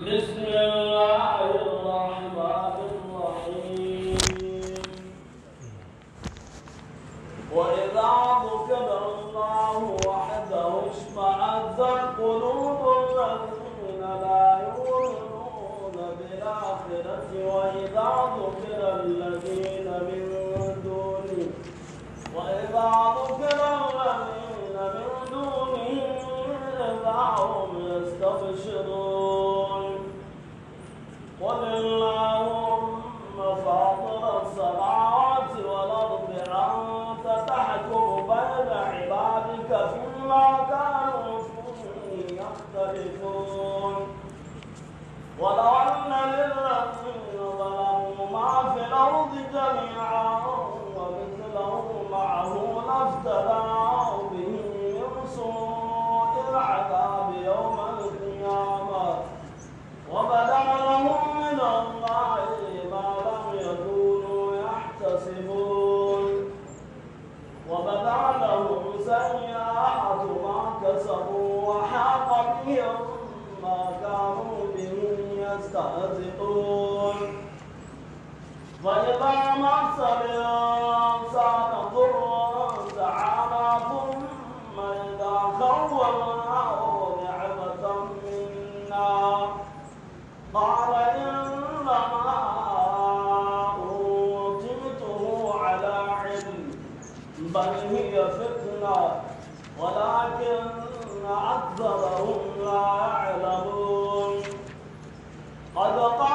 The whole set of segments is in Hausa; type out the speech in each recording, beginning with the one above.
Listen. يقولون وإذا مس الإنسان ضر دعانا ثم إذا خولناه نعمة منا قال إنما أوتيته على علم بل هي فتنة ولكن أكثرهم لا يعلمون 好的。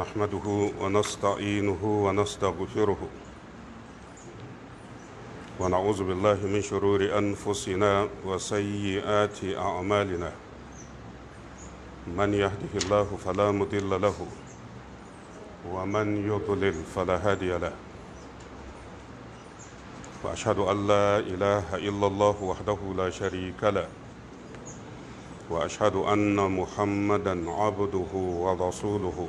نحمده ونستعينه ونستغفره ونعوذ بالله من شرور أنفسنا وسيئات أعمالنا من يهده الله فلا مضل له ومن يضلل فلا هادي له واشهد ان لا اله الا الله وحده لا شريك له واشهد ان محمدا عبده ورسوله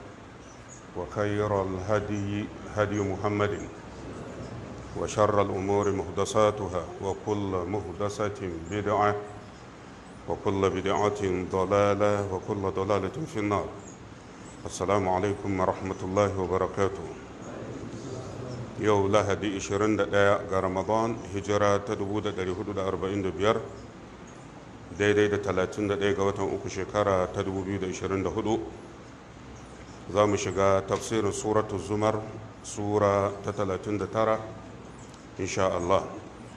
وخير الهدي هدي محمد وشر الأمور مهدساتها وكل مهدسة بدعة وكل بدعة ضلالة وكل ضلالة في النار السلام عليكم ورحمة الله وبركاته يو لهدي 21 ga Ramadan hijira ta 1445 daidai da 31 ga watan uku shekara ta 2024 za mu shiga tafsirin suratu zumar sura ta 39 insha Allah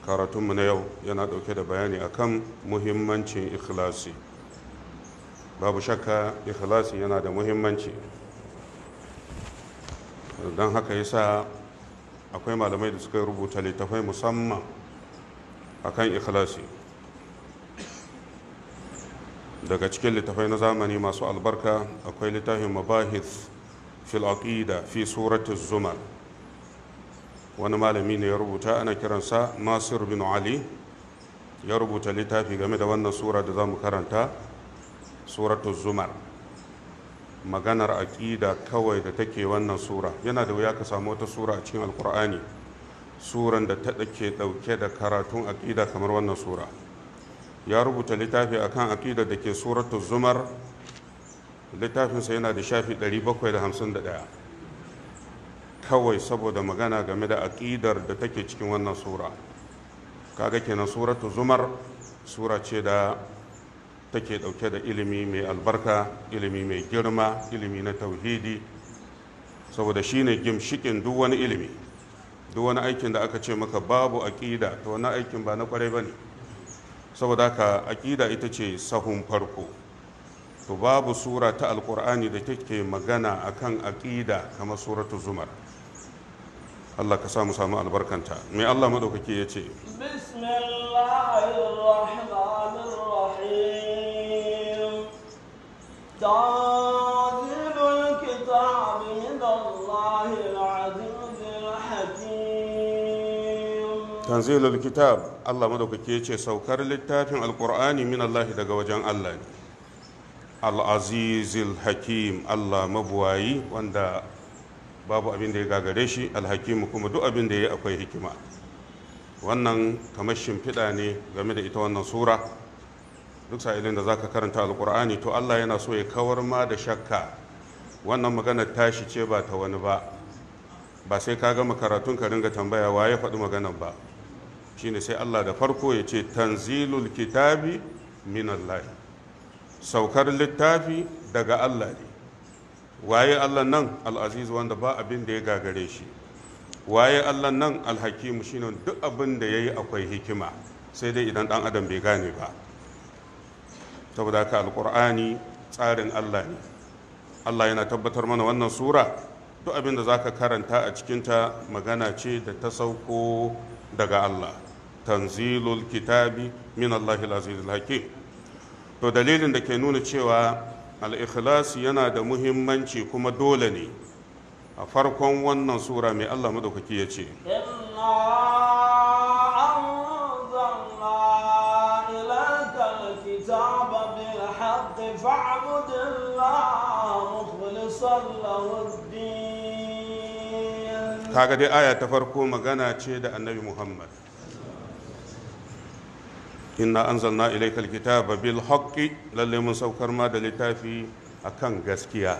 karatunmu na yau yana ɗauke da bayani akan muhimmancin ikhlasi babu shakka ikhlasi yana da muhimmanci don haka yasa akwai malamai da suka rubuta littafai musamman akan ikhlasi daga cikin littafai na zamani masu albarka akwai littafin mabahith fil aqida fi surati zumar wani malami ne ya rubuta ana kiransa masir bin ali ya rubuta littafi game da wannan sura da za mu karanta suratu zumar maganar aƙida kawai da take wannan sura yana da wuya ka samu wata sura a cikin alkur'ani suran da ta ɗauke da karatun aƙida kamar wannan sura ya rubuta littafi a kan aƙida da ke suratul zumar littafinsa yana da shafi 751 kawai saboda magana game da aƙidar da take cikin wannan sura kaga kenan suratu zumar sura ce da take ɗauke da ilimi mai albarka ilimi mai girma ilimi na tauhidi saboda shi ne gimshikin duk wani ilimi duk wani aikin da aka ce maka babu aƙida to wani aikin ba na kwarai ba ne saboda ka aƙida ita ce sahun farko to babu sura ta alƙur'ani da take magana akan aƙida kamar suratu zumar Allah ka samu samu albarkanta mai Allah maɗaukaki ya ce bismillahirrahmanirrahim tanzilul kitab Allah madaukake ce saukar littafin alkur'ani min Allah daga wajen Allah ne al hakim Allah mabuwayi wanda babu abin da ya gagare shi al kuma duk abin da ya akwai hikima wannan kamar shimfiɗa ne game da ita wannan sura duk sa'ilin da zaka karanta alkur'ani to Allah yana so ya kawar ma da shakka wannan magana tashi ce ba ta wani ba ba sai ka gama karatun ka ringa tambaya wa ya faɗi maganan ba shine sai Allah da farko ya ce tanzilul kitabi min saukar littafi daga Allah ne waye Allah nan al'aziz wanda ba abin da ya gagare shi waye Allah nan alhakimu shine duk abin da yayi akwai hikima sai dai idan ɗan adam bai gane ba saboda haka alqur'ani tsarin Allah ne Allah yana tabbatar mana wannan sura duk abin da za ka karanta a cikinta magana ce da ta sauko daga Allah tanzilul kitabi min Allahil azizil to dalilin da ke nuna cewa al yana da muhimmanci kuma dole ne a farkon wannan sura mai Allah madaukaki ya ce kaga dai aya ta farko magana ce da annabi muhammad inna anzalna ilayka alkitaba bil haqqi lalle mun saukar ma da littafi akan gaskiya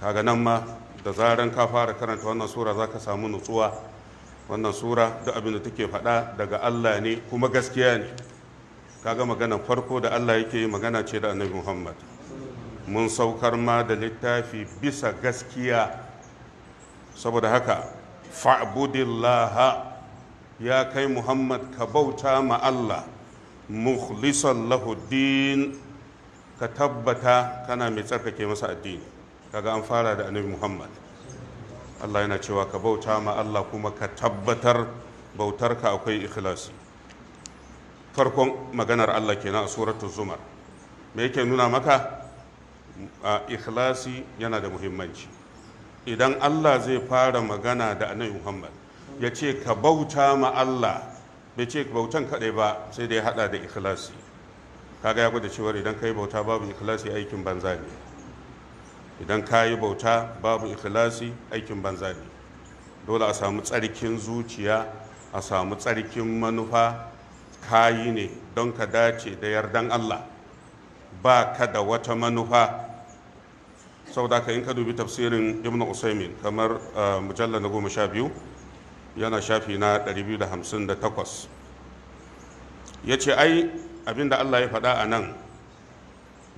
kaga nan ma da zaran ka fara karanta wannan sura zaka samu nutsuwa wannan sura duk abin da take faɗa daga Allah ne kuma gaskiya ne kaga magana farko da Allah yake yi magana ce da Annabi Muhammad mun saukar ma da littafi bisa gaskiya saboda haka fa'budillaha ya kai muhammad ka bauta ma allah mukhlisan lahuddin ka tabbata kana mai tsarkake masa addini kaga an fara da annabi muhammad allah yana cewa ka bauta ma allah kuma ka tabbatar bautarka akwai ikhlasi farkon maganar allah kenan a suratu zumar me yake nuna maka a ikhlasi yana da muhimmanci idan allah zai fara magana da annabi muhammad ya ce ka bauta ma Allah bai ce bautan kaɗai ba sai dai ya haɗa da ikhlasi kaga ya gwada cewar idan ka yi bauta babu ikhlasi aikin banza ne idan ka yi bauta babu ikhlasi aikin banza ne dole a samu tsarkin zuciya a samu tsarkin manufa kayi ne don ka dace da yardan Allah ba ka da wata manufa saboda ka in ka dubi tafsirin ibn usaimin kamar eh, mujallar na goma sha biyu yana shafi na 258 ya ce ai abinda Allah ya faɗa a nan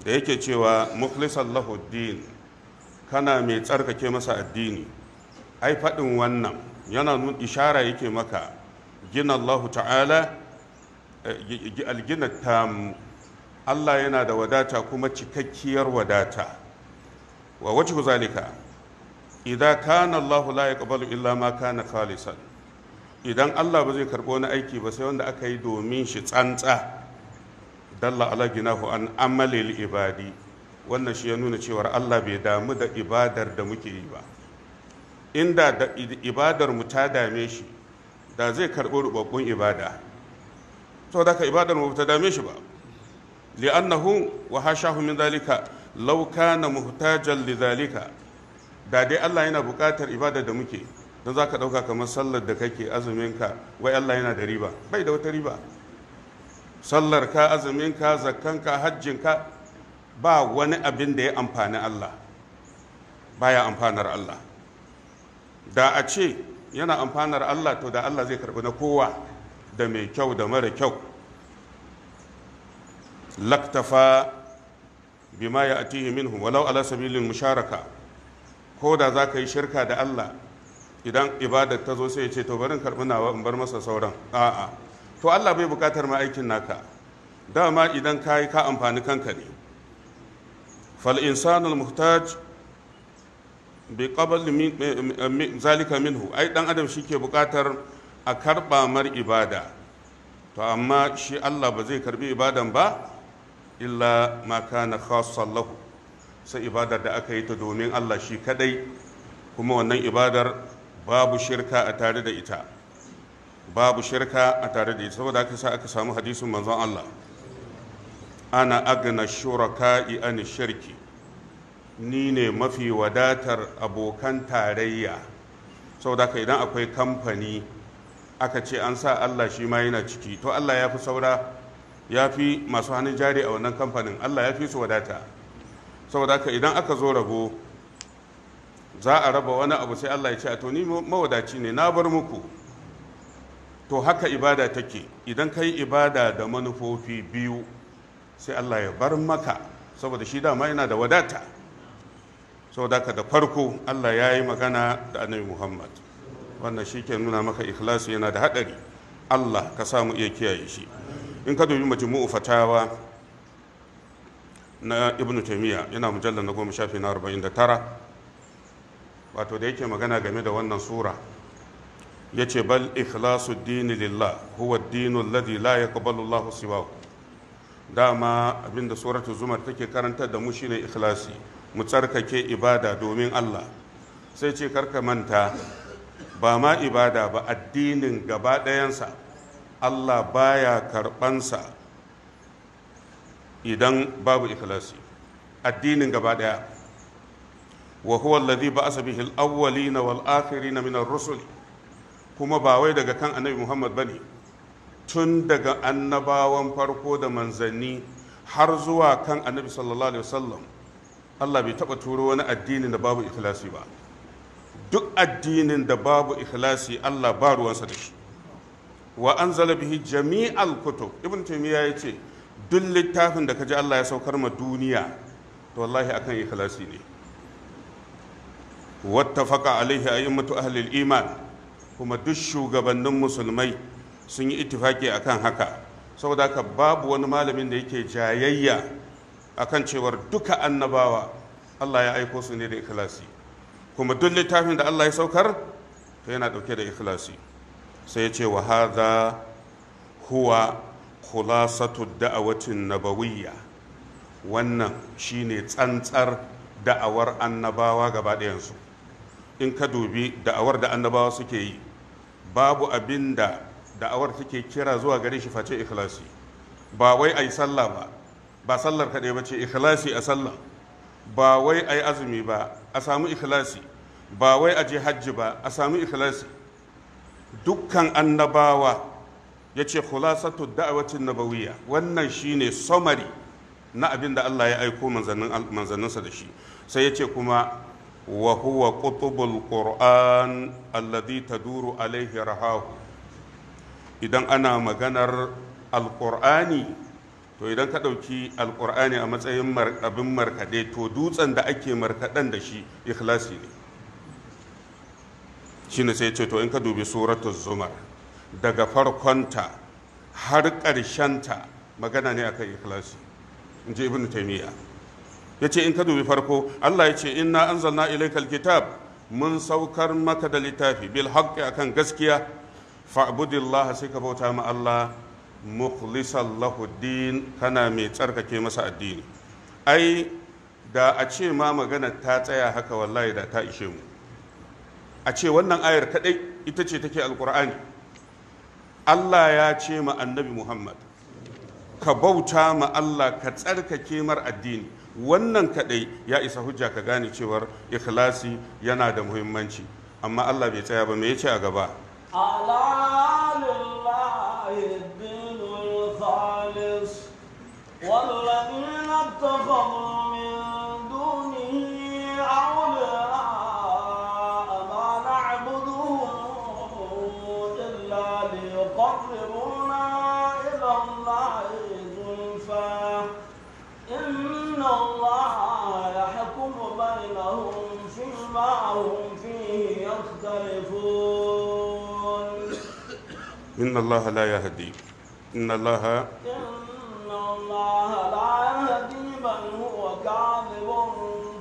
da yake cewa mukhlisan lahuddin kana mai tsarkake masa addini ai faɗin wannan yana nun ishara yake maka gina Allah ta'ala eh, algina tam Allah yana da wadata kuma cikakkiyar wadata wa wacce zalika idza kana Allah la yaqbalu illa ma kana khalisan idan Allah ba zai karbo wani aiki ba sai wanda aka yi domin shi tsantsa dalla ala ginahu an amalil ibadi wannan shi ya nuna cewar Allah bai damu da ibadar da muke yi ba inda da ibadar mu ta dame shi da zai karbo rubabbun ibada to da ka ibadar mu ta dame shi ba li'annahu wa hashahu min zalika law kana muhtajan li zalika da dai Allah yana buƙatar ibada da muke don za ka ɗauka kamar sallar da kake azuminka wai Allah yana da riba bai da wata riba sallar ka azuminka zakkanka hajjinka ba wani abin da ya amfani Allah baya amfanar Allah da a ce yana amfanar Allah to da Allah zai karɓi na kowa da mai kyau da mara kyau laktafa bima ya atihi minhu walau ala sabilin musharaka ko da za ka yi shirka da Allah idan ibadar ta zo sai ya ce to barin karɓi nawa in bar masa sauran a'a to Allah bai buƙatar ma aikin naka dama idan ka yi ka amfani kanka ne fal insanul muhtaj bi qabl eh, eh, zalika minhu ai dan adam shike buƙatar a karɓa mar ibada to amma shi Allah ba zai karɓi ibadan ba illa ma kana khassan sai ibadar da aka yi ta domin Allah shi kadai kuma wannan ibadar babu shirka a tare da ita babu shirka a tare da ita saboda aka sa aka samu hadisin manzon Allah ana agna shuraka'i an shirki ni ne mafi wadatar abokan tarayya saboda haka idan akwai kamfani aka ce an sa Allah shi ma yana ciki to Allah ya fi saura ya fi masu hannun jari a wannan kamfanin Allah ya fi su wadata saboda haka idan aka zo rabo za a raba wani abu sai Allah ya ce a to ni mawadaci ne na bar muku to haka ibada take idan ka ibada da manufofi biyu sai Allah ya bar maka saboda shi dama yana da wadata saboda haka da farko Allah ya yi magana da annabi Muhammad wannan shi ke nuna maka ikhlasu yana da haɗari Allah ka samu iya kiyaye shi in ka dubi majmu'u fatawa na ibn taimiyya yana mujallar na goma shafi na arba'in da tara wato da yake magana game da wannan sura ya ce bal ikhlasu dini lillah huwa dinu alladhi la yaqbalu Allahu siwahu dama abinda suratul zumar take karantar da mu shine ikhlasi mu tsarkake ibada domin Allah sai ce karka manta ba ma ibada ba addinin gaba ɗayansa Allah baya karɓansa idan babu ikhlasi addinin gaba daya wa huwa alladhi ba'asa bihi al-awwalina wal akhirina min ar-rusul kuma ba wai daga kan annabi Muhammad bane tun daga annabawan farko da manzanni har zuwa kan annabi sallallahu alaihi wasallam Allah bai taba turo wani addini da babu ikhlasi ba duk addinin da babu ikhlasi Allah ba ruwansa da shi wa anzala bihi jami'al kutub ibn taymiya yace duk littafin da ka ji Allah ya saukar ma duniya to wallahi akan ikhlasi ne wattafaqa alaihi a'immatu ahli al-iman kuma duk shugabannin musulmai sun yi ittifaki akan haka saboda haka babu wani malamin da yake jayayya akan cewar duka annabawa Allah ya aiko su ne da ikhlasi kuma duk littafin da Allah ya saukar to yana dauke da ikhlasi sai ya ce wa hadha huwa khulasatu da'awatin nabawiyya wannan shine tsantsar da'awar annabawa gaba ɗayansu in ka dubi da'awar da annabawa suke yi babu abin da da'awar take kira zuwa gare shi face ikhlasi ba wai ai sallah ba ba sallar kaɗai ba ce ikhlasi a sallah ba wai ai azumi ba a samu ikhlasi ba wai a je hajji ba a samu ikhlasi dukkan annabawa ya ce khulasatu da'awatin nabawiyya wannan shine somari na abin da Allah ya aiko manzanninsa da shi sai ya ce kuma wa huwa qutubul qur'an alladhi taduru alaihi rahahu idan ana maganar alqur'ani to idan ka ɗauki alqur'ani a matsayin abin markaɗe to dutsen da ake markaɗen da shi ikhlasi ne shine sai ya ce to in ka dubi suratul zumar daga farkonta har ta magana ne akan ikhlasi in ji ibn taimiyya ya ce in ka dubi farko allah ya ce inna anzalna ilaikal kitab mun saukar maka da littafi bil haqqi akan gaskiya fa'budillah sai ka bauta ma allah mukhlisan lahu din kana mai tsarkake masa addini ai da a ce ma magana ta tsaya haka wallahi da ta ishe mu a ce wannan ayar kadai ita ce take alkur'ani Allah ya ce ma annabi Muhammad ka bauta ma Allah ka tsarkake mar addini wannan kadai ya isa hujja ka gane cewar ikhlasi yana da muhimmanci amma Allah bai tsaya ba me yace a gaba والذين اتخذوا من بينهم فيما هم فيه يختلفون إن الله لا يهدي إن الله إن الله لا يهدي من هو كاذب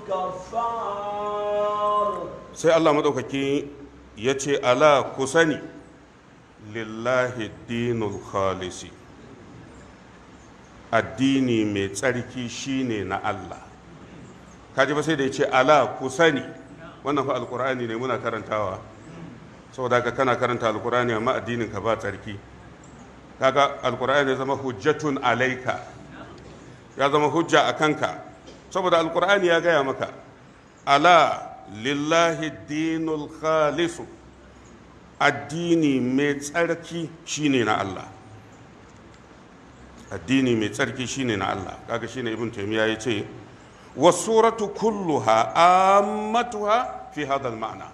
كفار سي الله مدوكاكي يتي ألا كسني لله الدين الخالص addini mai tsarki shine na Allah kaji ba sai da ya ce ala ku sani wannan fa alkur'ani ne muna karantawa saboda haka kana karanta alkur'ani amma addinin ka ba tsarki kaga alkur'ani ya zama hujjatun alaika ya zama hujja a kanka saboda alkur'ani ya gaya maka ala lillahi dinul khalisu addini mai tsarki shine na Allah addini mai tsarki shine na Allah kaga shine ibn taymiya yace wasuratu kulluha ammatuha fi hadal ma'ana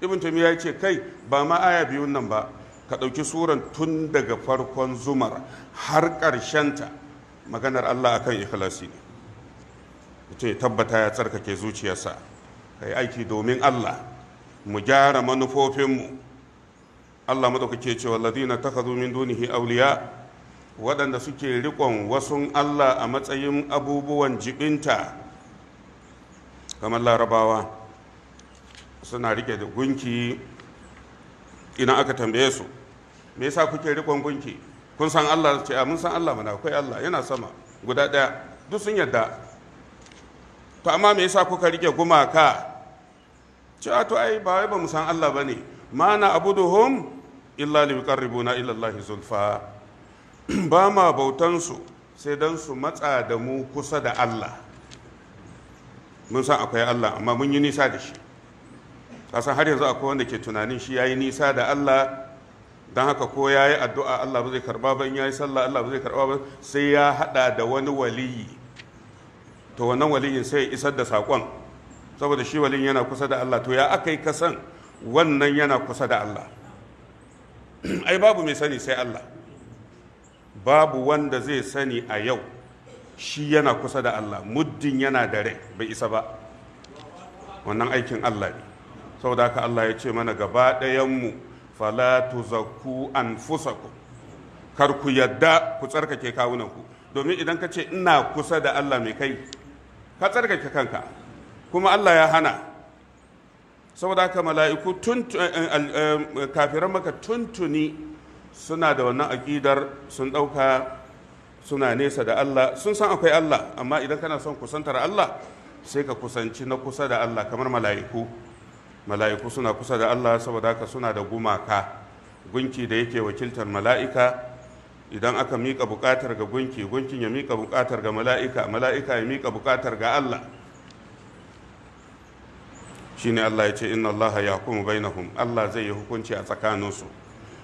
ibn ya ce kai ba ma aya biyun nan ba ka ɗauki suran tun daga farkon zumar har ta maganar Allah akan ikhlasi ne mutum ya tabbata ya tsarkake zuciyarsa ka yi aiki domin Allah mu gyara manufofin mu. Allah madaukake cewa ladina takhadhu min dunihi awliya waɗanda suke riƙon wasun Allah a matsayin abubuwan jibinta kamar larabawa suna riƙe da gunki ina aka tambaye su me yasa kuke riƙon gunki kun san Allah ce a mun san Allah mana akwai Allah yana sama guda ɗaya duk sun yadda to amma me yasa kuka riƙe gumaka ce to ai ba wai ba mu san Allah bane mana abuduhum illa liqarribuna ila Allah zulfa ba ma bautansu sai don su matsa da mu kusa da Allah mun san akwai Allah amma mun yi nisa da shi kasan har yanzu akwai wanda ke tunanin shi ya yi nisa da Allah don haka ko ya yi addu'a Allah ba zai karba ba in ya yi sallah Allah ba zai karba ba sai ya haɗa da wani waliyi to wannan waliyin sai ya isar da saƙon saboda shi waliyin yana kusa da Allah to ya aka yi kasan wannan yana kusa da Allah ai babu mai sani sai Allah babu wanda zai sani a yau shi yana kusa da Allah muddin yana da rai bai isa ba wannan aikin Allah ne saboda haka Allah ya ce mana gaba ɗayanmu fala tuzakku anfusakum kar ku yadda ku tsarkake kawunanku domin idan ka ce ina kusa da Allah mai kai ka tsarkake kanka kuma Allah ya hana saboda haka mala'iku eh, eh, eh, kafiran maka tuntuni suna da wannan aƙidar sun ɗauka suna nesa da Allah sun san akwai Allah amma idan kana son kusantar Allah sai ka kusanci na kusa da Allah kamar mala'iku mala'iku suna kusa da Allah saboda haka suna da gumaka gunki da yake wakiltar mala'ika idan aka miƙa buƙatar ga gunki gunkin ya miƙa buƙatar ga mala'ika mala'ika ya miƙa buƙatar ga Allah shine Allah ya ce inna Allah ya hukumu bainahum Allah zai yi hukunci a tsakaninsu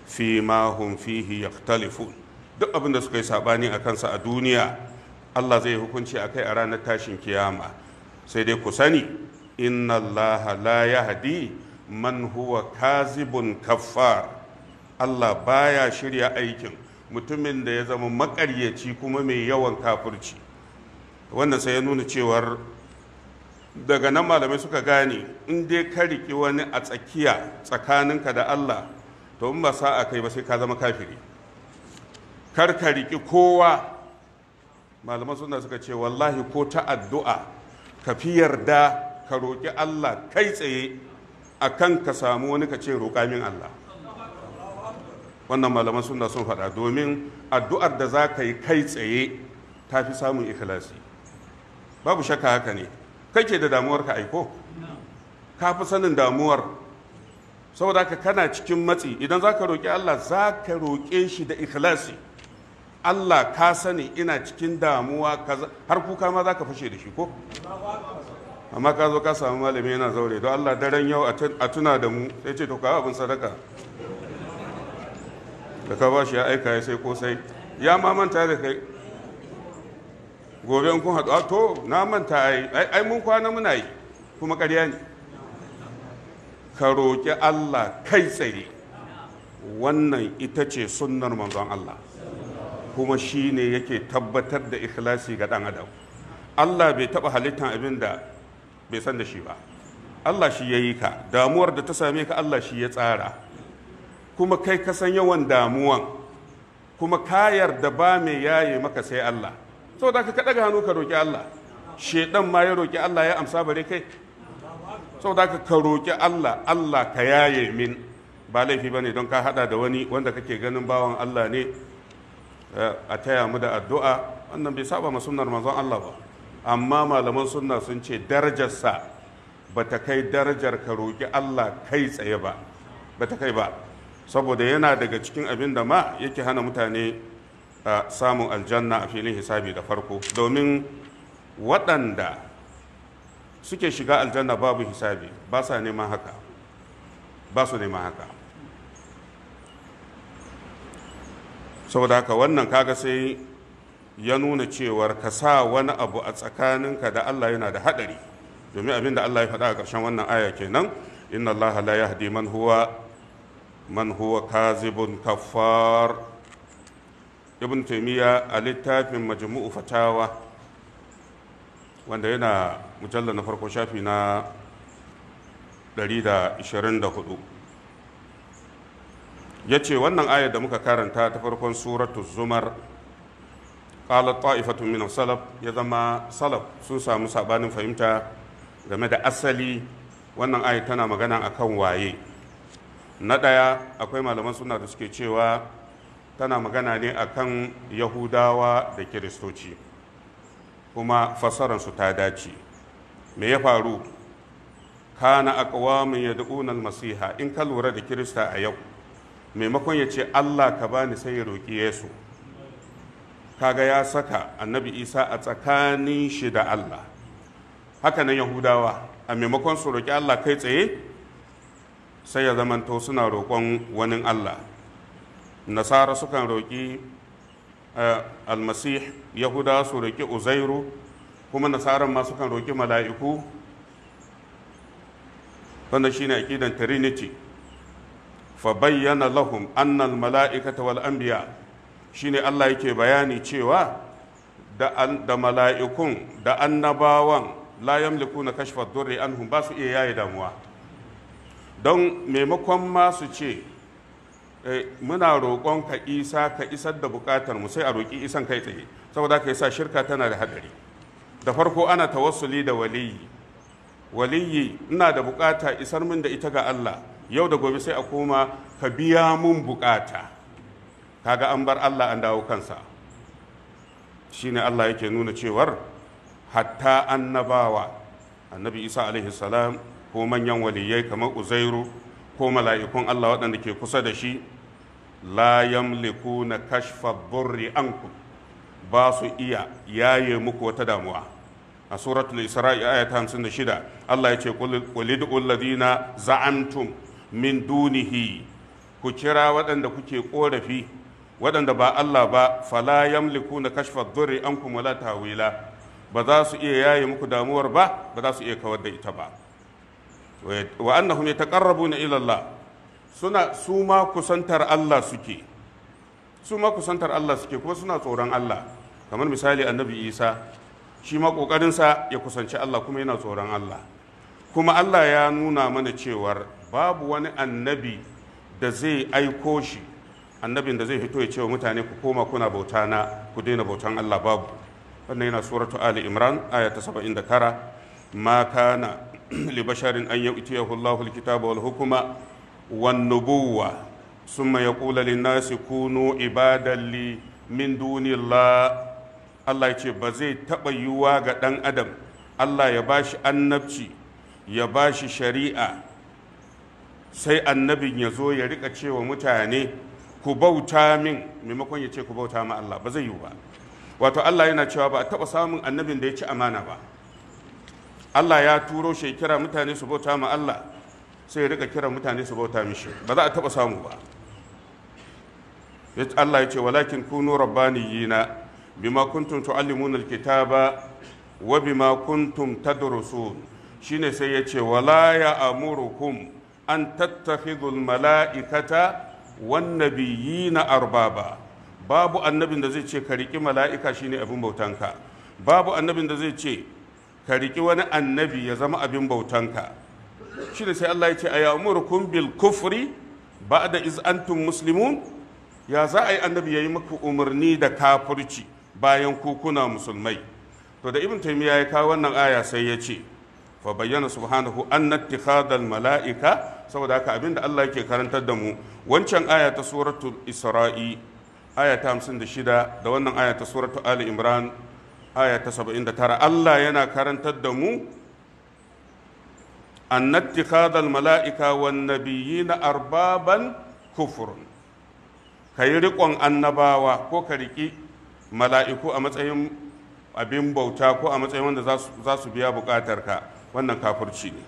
fi ma hun fihi duk abin da suka yi sabani a kansa a duniya Allah zai hukunci a kai a ranar tashin kiyama sai dai ku sani inna Allah la yahdi man huwa kazibun kaffar Allah baya shirya aikin mutumin da ya zama makaryaci kuma mai yawan kafurci. wannan sai ya nuna cewar daga nan malamai suka gane in dai ka riki wani a tsakiya tsakaninka da Allah to ba sa'a kai ba sai ka zama kafiri kar ka riki kowa malaman suna suka ce wallahi ko ta addu'a ka fi yarda ka roƙi Allah kai tsaye a kan ka samu wani ka ce roƙa min Allah wannan malaman suna sun faɗa domin addu'ar da za ka yi kai tsaye ta fi samun ikilasi. babu shakka haka ne kake da damuwar ka aiko ka fi sanin damuwar saboda haka kana cikin matsi idan za ka roƙi Allah za ka roƙe shi da ikhlasi Allah ka sani ina cikin damuwa har kuka ma za ka fashe da shi ko amma ka zo ka samu malami yana zaure don Allah daren yau a tuna da mu sai ce to ka abin sadaka da ka ba ya aika ya sai kosai ya ma manta da kai gobe kun haɗu to na manta ai mun kwana muna yi kuma ƙarya ne ka roƙi Allah kai tsaye wannan ita ce sunnar manzon Allah kuma shi ne yake tabbatar da ikhlasi ga ɗan adam Allah bai taɓa halittar abin da bai san da shi ba Allah shi ya yi ka damuwar da ta same ka Allah shi ya tsara kuma kai ka san yawan damuwan kuma kayar da ba mai yaye maka sai Allah saboda ka ɗaga hannu ka roƙi Allah shedan ma ya roƙi Allah ya amsa bare kai saboda ka ka roƙi Allah Allah ka yaye min ba laifi bane don ka hada da wani wanda kake ganin bawan Allah ne eh, a taya mu da addu'a wannan bai saba ma sunnar manzon Allah ba amma malaman sunna sun ce darajarsa ba ta kai darajar ka roƙi Allah kai tsaye ba Ba ta kai ba saboda yana daga cikin abin da ma yake hana mutane eh, samun aljanna a filin hisabi da farko domin waɗanda suke shiga aljanna babu hisabi ba sa neman haka ba su neman haka saboda haka wannan kaga sai ya nuna cewar ka sa wani abu a tsakaninka da Allah yana da haɗari domin abin da Allah ya faɗa a ƙarshen wannan aya kenan inna Allah la yahdi man huwa man huwa kazibun kaffar ibn taymiya a littafin majmu'u fatawa wanda yana mujalla na farko shafi na 124 ya ce wannan ayar da muka karanta ta farkon suratu zumar ƙalar ta'ifatun minan salaf ya zama salaf sun samu sabanin fahimta game da asali wannan ayar tana magana akan waye na ɗaya akwai malaman suna da suke cewa tana magana ne akan yahudawa da kiristoci kuma fassararsu ta dace me ya faru kana aqwamin yad'una al-masiha in ka lura da kirista a yau maimakon ya ce Allah ka bani sai ya roki Yesu kaga ya saka annabi Isa a tsakanin shi da Allah haka nan Yahudawa a maimakon su roki Allah kai tsaye sai ya zamanto suna roƙon wani Allah nasara sukan roƙi eh, almasih yahudawa su roƙi uzairu kuma nasaran masu sukan roƙi mala'iku wannan shine aqidan trinity fa bayyana lahum mala'ika mala'ikata wal anbiya shine Allah yake bayani cewa da mala'ikun da annabawan la yamlikuna kashfa durri anhum ba su iya yaye damuwa don maimakon ma ce eh, muna roƙon ka isa ka isar da bukatar mu sai a roƙi isan kai tsaye saboda ka yasa shirka tana da haɗari da farko ana tawassuli da waliyi waliyi ina da bukata isar min da ita ga Allah yau da gobe sai a koma ka biya mun bukata kaga an bar Allah an dawo kansa shine Allah yake nuna cewar hatta annabawa annabi Isa alaihi salam ko manyan waliyai kamar Uzairu ko mala'ikun Allah waɗanda ke kusa da shi la yamliku na kashfa burri anku ba su iya yaye muku wata damuwa a suratul isra'i ayat 56 Allah ya ce qulidul ladina za'antum min dunihi ku kira waɗanda kuke korafi waɗanda ba Allah ba fala na kashfa dhurri ankum wala tawila ba za su iya yaye muku damuwar ba ba za su iya kawar da ita ba wa annahum yataqarrabuna ila Allah suna su ma kusantar Allah suke su kusantar Allah suke kuma suna tsoron Allah kamar misali annabi Isa shi ma ƙoƙarinsa ya kusanci Allah kuma yana tsoron Allah kuma Allah ya nuna mana cewar babu wani annabi da zai aiko shi annabin da zai fito ya ce wa mutane ku koma kuna bauta na ku daina bautan Allah babu wannan yana suratu Ali Imran aya ta 79 ma kana li basharin an yu'tiyahu Allahu alkitaba wal hukma wan nubuwwa ثم يقول للناس nasi kunu لي min دون Allah ya ce ba zai taɓa yiwuwa ga ɗan adam Allah ya ba shi annabci ya ba shi shari'a sai annabin ya zo ya rika cewa mutane ku bauta min maimakon ya ce ku bauta ma Allah ba zai yiwu ba wato Allah yana cewa ba a taɓa samun annabin da ya ci amana ba Allah ya turo shi kira mutane su bauta ma Allah sai ya rika kira mutane su bauta mishi ba za a taɓa samu ba Allah ya ce walakin kunu rabbaniyina bima kuntum tu'allimuna alkitaba wa bima kuntum tadrusun shine sai ya ce wala ya amurukum an tattakhidhu almala'ikata wan nabiyina arbaba babu annabin da zai ce ka riki mala'ika shine abin bautanka babu annabin da zai ce ka riki wani annabi ya zama abin bautanka shine sai Allah ya ce ayamurukum bil kufri ba'da iz antum muslimun ya za a yi annabi ya yi maka umarni da kafirci bayan kukuna musulmai to da ibn taymiya ya kawo wannan aya sai ya ce fa bayyana subhanahu anna ittikhadal mala'ika saboda haka abinda Allah yake karantar da mu wancan aya ta suratul isra'i aya ta 56 da wannan aya ta suratul ali imran aya ta 79 Allah yana karantar da mu anna ittikhadal mala'ika wan nabiyina arbaban kufrun kai riƙon annabawa ko ka riƙi mala'iku a matsayin abin bauta ko a matsayin wanda za su biya ka wannan kafirci ne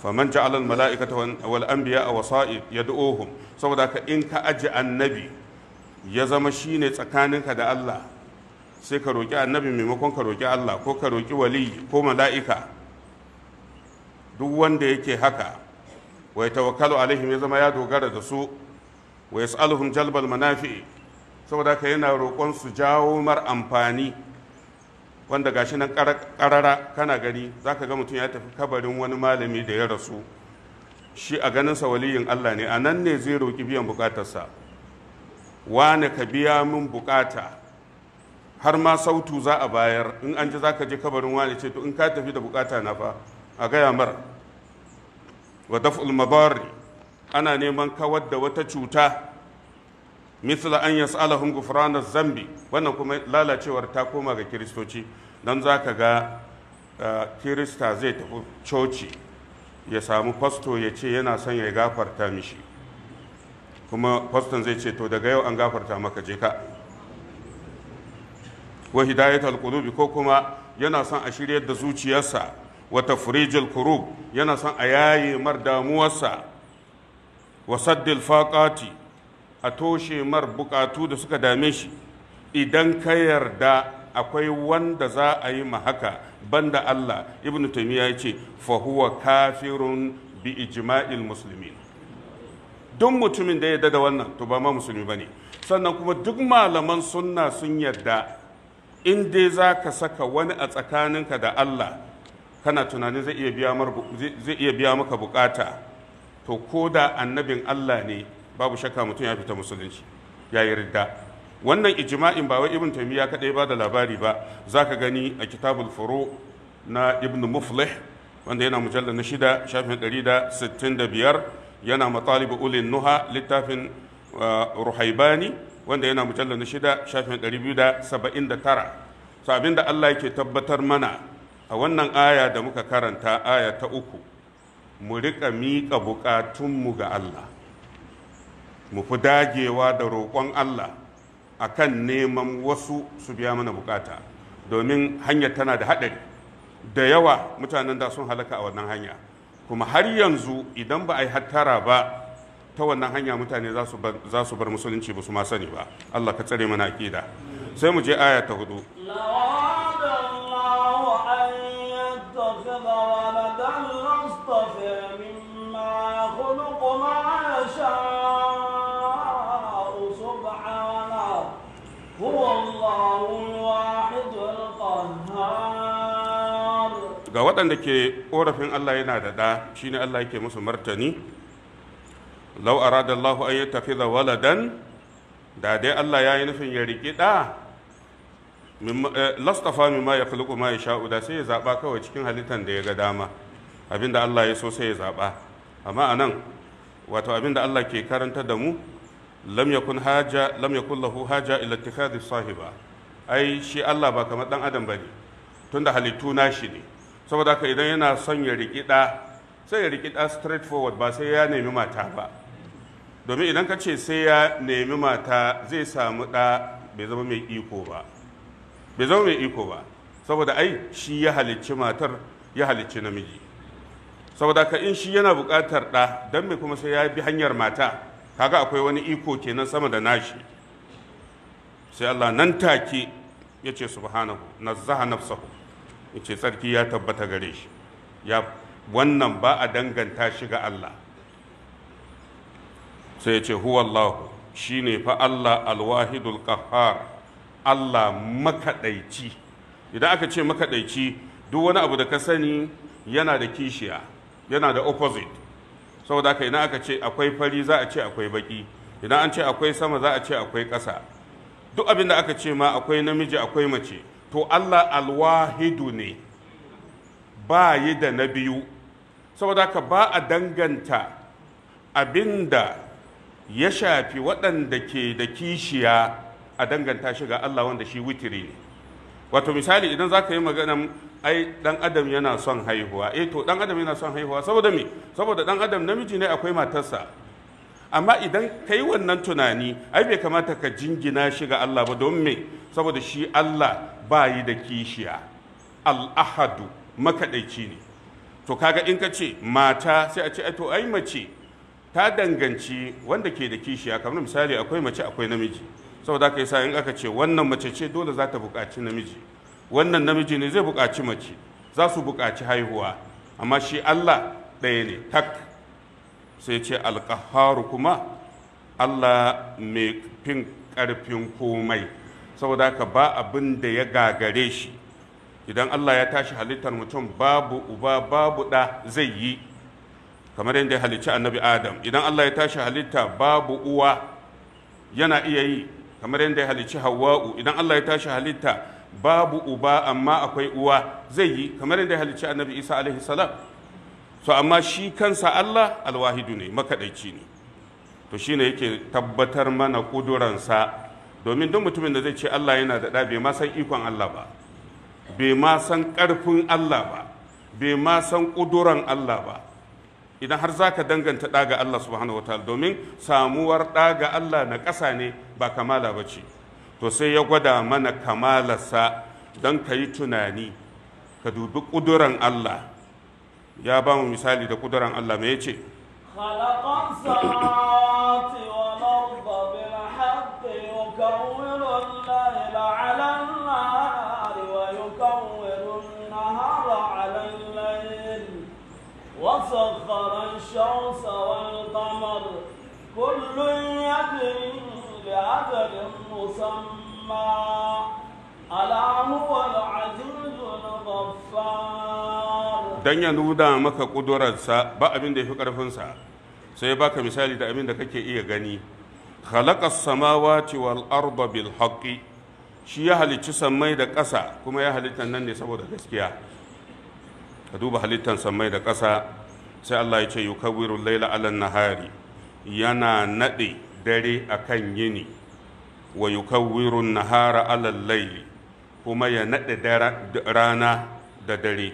faman ja'ala al-mala'ikata wal anbiya a wasai yad'uhum saboda ka in ka aji annabi ya zama shine tsakaninka da Allah sai ka roki annabi maimakon ka roki Allah ko ka roki wali ko mala'ika duk wanda yake haka wai tawakkalu alaihim ya zama ya dogara da su wa yas'aluhum jalbal manafi saboda ka yana roƙon su jawo mar amfani wanda gashi nan ƙarara kana gani za ka ga mutum ya tafi kabarin wani malami da ya rasu shi a ganinsa waliyin Allah ne a nan ne zai roƙi biyan buƙatarsa wane ka biya min buƙata har ma sautu za a bayar in an ji za ka je kabarin wane ce to in ka tafi da buƙata na fa a gaya mar wa daf'ul mabari ana neman kawar da wata cuta misla an yas'alahum gufrana zambi wannan kuma lalacewar ta koma ga kiristoci don za ka ga eh, kirista zai tafi coci ya samu fasto ya ce yana son ya gafarta mishi kuma faston zai ce to daga yau an gafarta maka je ka wa hidayat alqulubi ko kuma yana son a shiryar da zuciyarsa wa tafrijul kurub yana son a yaye mar damuwarsa wa saddil faqati a toshe mar bukatu da suka dame shi idan ka yarda akwai wanda za a yi ma haka banda Allah ibnu taymiya ya ce fahuwa huwa kafirun bi ijma'il muslimin duk mutumin da ya yarda da wannan to ba ma musulmi bane sannan kuma duk malaman sunna sun yarda in dai za ka saka wani a tsakaninka da Allah kana tunanin zai iya biya maka bukata to ko da annabin Allah ne babu shakka mutum ya fita musulunci ya yi ridda wannan ijma'in ba wai ibn taymiya kadai ba da labari ba zaka gani a kitabul furu na ibn muflih wanda yana mujallar na shida shafin da da sittin biyar yana matalibu ulin nuha littafin uh, ruhaibani wanda yana mujallar na shida shafin da da biyu saba'in 279 so abinda Allah yake tabbatar mana a wannan aya da muka karanta aya ta uku mu riƙa miƙa buƙatunmu ga Allah mu fi dagewa da roƙon Allah a kan neman wasu su biya mana bukata domin hanya tana da haɗari da yawa mutanen da sun halaka a wannan hanya kuma har yanzu idan ba a yi hattara ba ta wannan hanya mutane za su bar musulunci ba su ma sani ba Allah ka tsare mana aƙida sai mu je aya ta hudu waɗanda ke ƙorafin Allah yana da ɗa shine Allah yake musu martani lau arada Allah an yi tafi da waladan da dai Allah ya yi nufin ya riƙi ɗa eh, lastafa ma ya kulku ma ya sha'u sai ya zaɓa kawai cikin halittar da ya ga dama abinda Allah ya so sai ya zaɓa amma a nan wato abinda Allah ke karanta da mu lam yakun haja lam yakun lahu haja ila ittikhadhi sahiba ai shi Allah ba kamar dan adam bane tunda halittu shi ne saboda haka idan yana son ya riƙi ɗa sai ya riƙi ɗa straight forward ba sai ya nemi mata ba domin idan ka ce sai ya nemi mata zai samu ɗa bai zama mai iko ba bai zama mai iko ba saboda ai shi ya halicci matar ya halicci namiji saboda ka in shi yana buƙatar ɗa don mai kuma sai ya bi hanyar mata kaga akwai wani iko kenan sama da nashi sai Allah nan take ya ce subhanahu nazzaha nafsahu ce tsarki ya tabbata gare shi ya wannan ba a danganta shi ga Allah sai yace huwallahu ne fa Allah alwahidul qahhar Allah makadaici idan aka ce makadaici duk wani abu da ka sani yana da kishiya yana da opposite saboda haka idan aka ce akwai fari za a ce akwai baki idan an ce akwai sama za a ce akwai ƙasa duk abin da aka ce ma akwai namiji akwai mace to Allah alwahidu ne ba yi da na biyu saboda ka ba a danganta abinda ya shafi waɗanda ke da kishiya a danganta shi ga Allah wanda shi witiri ne wato misali idan za ka yi maganan ai dan adam yana son haihuwa eh to dan adam yana son haihuwa saboda me saboda dan adam namiji ne akwai matarsa amma idan ka yi wannan tunani ai bai kamata ka jingina shi ga Allah ba don me saboda shi Allah ba yi da kishiya al'ahadu makaɗaici ne to kaga in ka ce mata sai a ce to ai mace ta danganci wanda ke da kishiya kamar misali akwai mace akwai namiji saboda haka yasa in aka ce wannan mace ce dole za ta buƙaci namiji wannan namiji ne zai buƙaci mace za su buƙaci haihuwa amma shi Allah ɗaya ne tak sai ce alƙaharu kuma Allah mai fin ƙarfin komai saboda haka ba abin da ya gagare shi idan Allah ya tashi halittar mutum babu uba babu ɗa zai yi kamar yadda ya halicci annabi adam idan Allah ya tashi halitta babu uwa yana iya yi kamar yadda ya halicci hawa'u idan Allah ya tashi halitta babu uba amma akwai uwa zai yi kamar yadda ya halicci annabi isa alaihi salam to amma shi kansa Allah alwahidu ne makaɗaici ne to shine yake tabbatar mana kuduransa. domin duk mutumin da zai ce Allah yana da ɗa bai ma san ikon Allah ba bai ma san ƙarfin Allah ba bai ma san ƙuduran Allah ba idan har za ka danganta ɗa ga Allah subhanahu wa ta'ala domin samuwar ɗa ga Allah na ƙasa ne ba kamala ba ce to sai ya gwada mana kamalarsa don ka yi tunani ka dubi ƙuduran Allah ya ba mu misali da ƙuduran Allah mai ce خلق السماوات والأرض بالحق Kawirwar lahi bacalan na haɓa lallace. Wasu ƙarashinsa kullum ya gani ni haɗarin musamman, alamowa na jirgin maka ƙudurarsa, ba abin da ya fi ƙarfinsa, sai ba ka misali da abin da kake iya gani. khalaqa samawati wal arda bil haqqi shi ya halicci sammai da ƙasa kuma ya halittan nan ne saboda gaskiya ka duba halittan samai da ƙasa sai Allah ya ce yukawwiru laila ala nahari yana nade dare akan yini wa yukawwiru nahara ala laili kuma ya nade rana da dare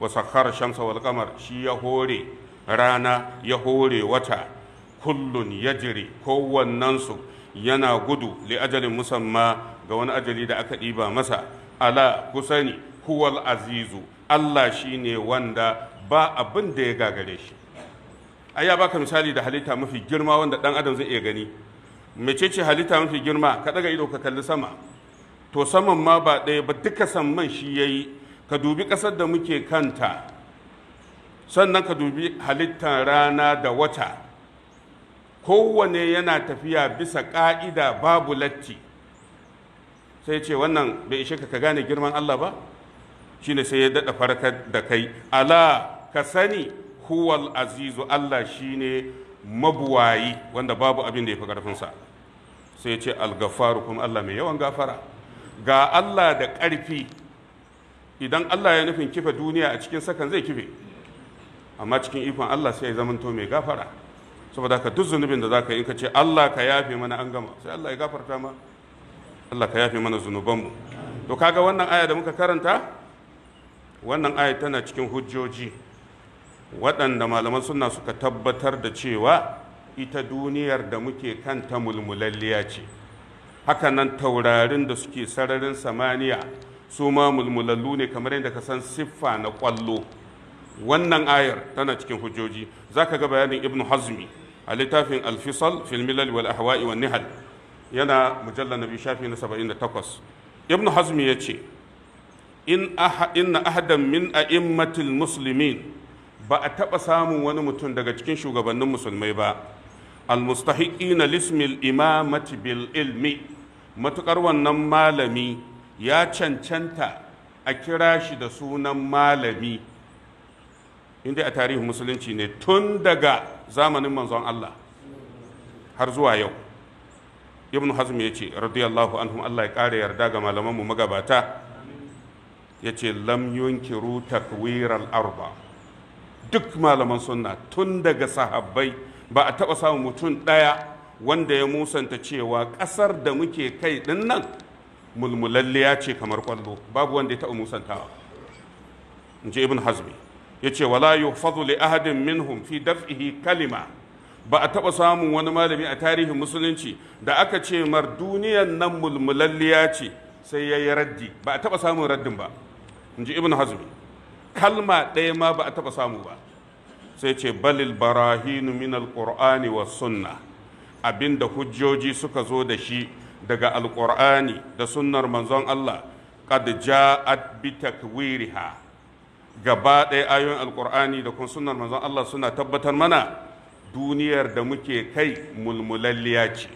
wa sakhara shamsa wal qamar shi ya hore rana ya hore wata kullun jiri kowannensu yana gudu li ajalin musamma ga wani ajali da aka ɗiba masa ala kusani huwal azizu Allah shine wanda ba abin da ya gagare shi ai ya baka misali da halitta mafi girma wanda dan adam zai iya gani mecece halitta mafi girma ka daga ido ka kalli sama to saman ma ba ɗaya ba duka samman shi yayi ka dubi kasar da muke kanta sannan ka dubi halittar rana da wata kowane yana tafiya bisa ƙa'ida babu latti sai ce wannan bai ishe ka gane girman Allah ba shine sai ya daɗa farkar da kai ala ka sani huwal azizu Allah shi ne mabuwayi wanda babu abin da ya fi ƙarfinsa sai ce algafaru kuma Allah mai yawan gafara ga Allah da ƙarfi idan Allah ya nufin kife duniya a cikin sakan zai kife amma cikin ikon Allah sai ya zamanto mai gafara saboda ka duk zunubin da zaka yi ka ce Allah ka yafe mana an gama sai Allah ya gafarta ma Allah ka yafe mana zunubanmu to kaga wannan aya da muka karanta wannan aya tana cikin hujjoji waɗanda malaman suna suka tabbatar da cewa ita duniyar da muke kanta mulmulalliya ce hakanan taurarin da suke sararin samaniya su ma mulmulallu ne kamar yadda ka san siffa na ƙwallo wannan ayar tana cikin hujjoji za ka ga bayanin ibnu hazmi a littafin alfisal fil wal ahwa'i wa nihal yana mujallar nabi shafi na takwas. ibn hazmi ya ce in na ahadan min a'immatil musulmin, ba a taɓa samun wani mutum daga cikin shugabannin musulmai ba na lismil imamati bil ilmi matukar wannan malami ya cancanta a kira shi da sunan malami inda a tarihin musulunci ne tun daga zamanin manzon Allah har zuwa yau Ibn hazm ya ce radiyallahu anhum Allah ya ƙara yarda ga malamanmu magabata ya ce lam yunkiru takwiral arba duk malaman sunna tun daga sahabbai ba a taɓa samun mutum ɗaya wanda ya musanta cewa ƙasar da muke kai ɗin nan mulmulalliya ce kamar kwallo babu wanda ya taɓa musantawa in ji ibn hazmi yace wala yuhfazu li ahadin minhum fi daf'ihi kalima ba a taɓa samun wani malami a tarihin musulunci da aka ce mar duniyan nan mulmulalliya ce sai ya yi raddi ba a taɓa samun raddin ba in ji ibn hazmi kalma ɗaya ma ba a taɓa samu ba sai ce balil barahinu min alƙur'ani wa sunna abinda hujjoji suka zo da shi daga alƙur'ani da sunnar manzon Allah qad ja'at bi takwiriha gaba ɗaya ayoyin alkur'ani da kuma sunan manzon Allah suna tabbatar mana duniyar da muke kai mulmulalliya ce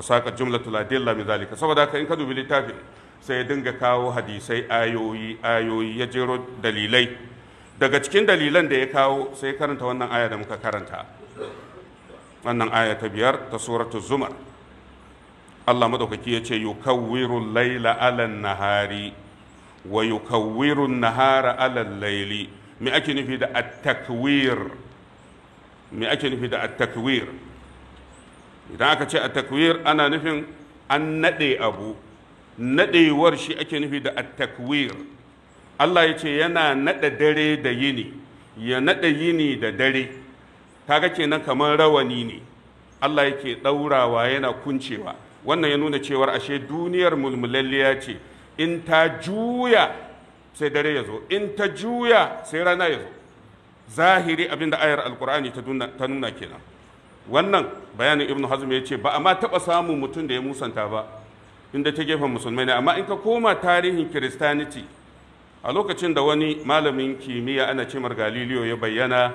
saka jumlatul adilla min zalika saboda haka in ka dubi littafin sai ya dinga kawo hadisai ayoyi ayoyi ya jero dalilai daga cikin dalilan da ya kawo sai karanta wannan aya da muka karanta wannan aya ta biyar ta suratu zumar Allah madaukaki ya ce yukawwiru laila alan nahari wa yukawwiru nahara ala layli me ake nufi da at-takwir me ake nufi da at idan aka ce at ana nufin an nade abu nadewar shi ake nufi da at-takwir Allah ya ce yana nada dare da yini ya nada yini da dare kaga kenan kamar rawani ne Allah yake daurawa yana kuncewa wannan ya nuna cewar ashe duniyar mulmulalliya ce in ta juya sai dare ya zo in ta juya sai rana ya zo zahiri abinda ayar alkur'ani ta nuna kenan wannan bayanin ibnu hazm ya ce ba a ma taɓa samun mutum da ya musanta ba inda ta gefen musulmai ne amma in ka koma tarihin kiristaniti a lokacin da wani malamin kimiyya ana cimar galileo ya bayyana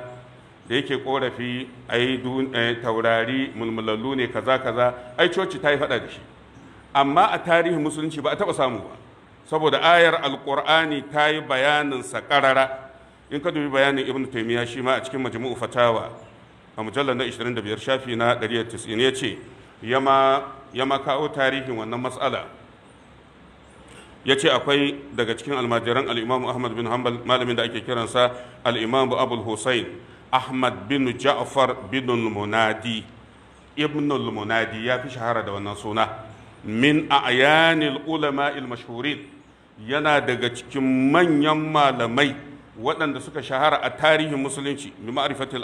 da yake korafi a yi eh, taurari mulmulallu ne kaza kaza ai coci ta yi faɗa da shi amma a tarihin musulunci ba a taɓa samu ba saboda ayar Alƙur'ani ta yi bayanin sa in ka dubi bayanin ibn Taimiyya shi ma a cikin majmu'u fatawa a mujallar na 25 shafi na 190 ya ce yama yama kawo tarihin wannan matsala ya ce akwai daga cikin almajiran al'imamu ahmad bin hanbal malamin da ake kiransa al'imamu abul hussein ahmad bin ja'far bin munadi ibn munadi ya fi shahara da wannan suna min a'yanil ulama'il al-mashhurin yana daga cikin manyan malamai waɗanda suka shahara a tarihin musulunci bi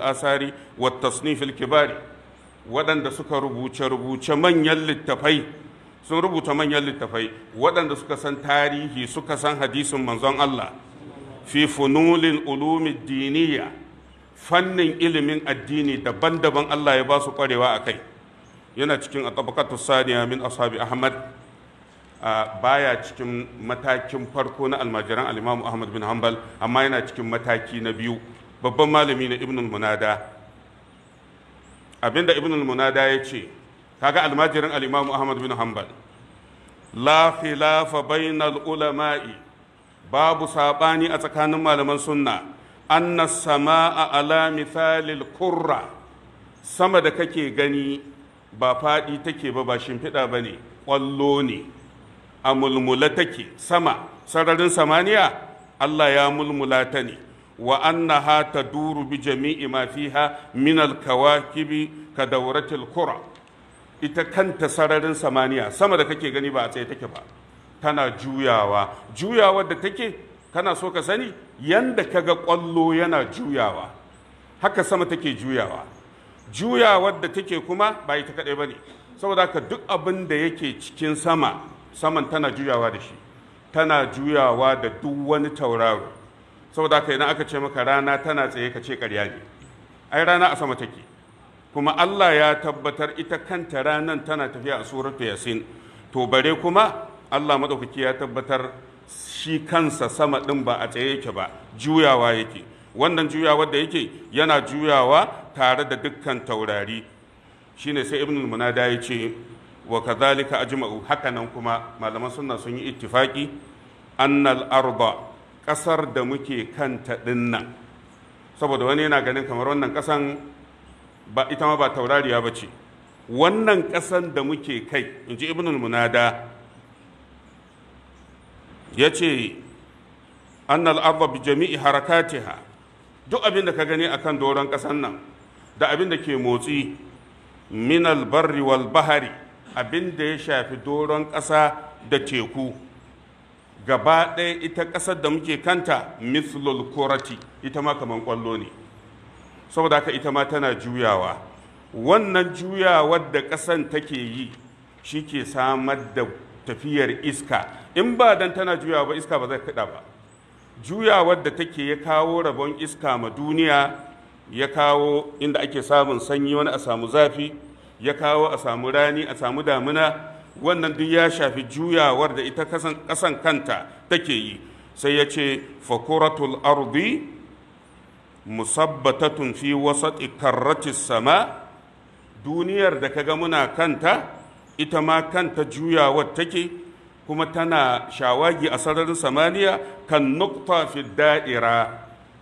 asari wa tasnifil kibari waɗanda suka rubuce rubuce manyan littafai sun rubuta manyan littafai waɗanda suka san tarihi suka san hadisin manzon Allah fi funulin diniya fannin ilimin addini daban-daban Allah ya ba su kwarewa a kai yana cikin a tabakatus saniya min ashabi Ahmad baya cikin matakin farko na almajiran alimamu ahmad bin hanbal amma yana cikin mataki na biyu babban malami na ibn munada abinda ibn munada ya ce kaga almajiran alimamu ahmad bin hanbal la khilafa bainal ulama'i babu sabani a tsakanin malaman sunna anna sama'a ala mithalil kurra sama da kake gani ba faɗi take ba ba shimfiɗa ba ne ƙwallo ne a mulmula take sama sararin samaniya Allah ya mulmula ta ne wa annaha taduru bi jami'i ma fiha min al-kawakibi ka dawratil qura ita kanta sararin samaniya sama da kake gani ba a tsaye take ba tana juyawa juyawar da take kana so ka sani yanda kaga kwallo yana juyawa haka sama take juyawa juyawar da take kuma ba ita kadai bane saboda haka duk abin da yake cikin sama saman tana juyawa da shi tana juyawa da duk wani tauraro saboda haka idan aka ce maka rana tana tsaye ka ce ƙarya ne ai rana a sama take kuma Allah ya tabbatar ita kanta ranan tana tafiya a suratu yasin to bare kuma Allah madaukaki ya tabbatar shi kansa sama ɗin ba a tsaye yake ba juyawa yake wannan juyawar da yake yana juyawa tare da dukkan taurari shine sai ibnul munada ya ce wa kadhalika ajma'u hakanan kuma malaman sunna sun yi ittifaki annal arba kasar da muke kanta dinnan saboda wani yana ganin kamar wannan kasan ba ita ma ba taurariya ba ce wannan kasan da muke kai in ji ibnul munada ya ce annal arba bi jami'i harakatiha duk abin da ka gani akan doron kasan nan da abin da ke motsi minal barri wal bahari abin da ya shafi doron ƙasa da teku gaba ɗaya ita ƙasar da muke kanta mithlul korati. ita ma kamar ƙwallo ne saboda haka ita ma tana juyawa wannan juyawar da ƙasan take yi shi ke samar da tafiyar iska in ba dan tana juyawa ba iska ba zai kaɗa ba juyawar da take ya kawo rabon iska ma duniya ya kawo inda ake samun sanyi wani a samu zafi ya kawo a samu rani a samu damuna wannan duk ya shafi juyawar da ita kasan kanta take yi sai ya ce fakuratul ardi musabbatatun fi wasati karratis sama duniyar da kaga muna kanta ita ma kanta juyawar take kuma tana shawagi a sararin samaniya kan nukta fi da'ira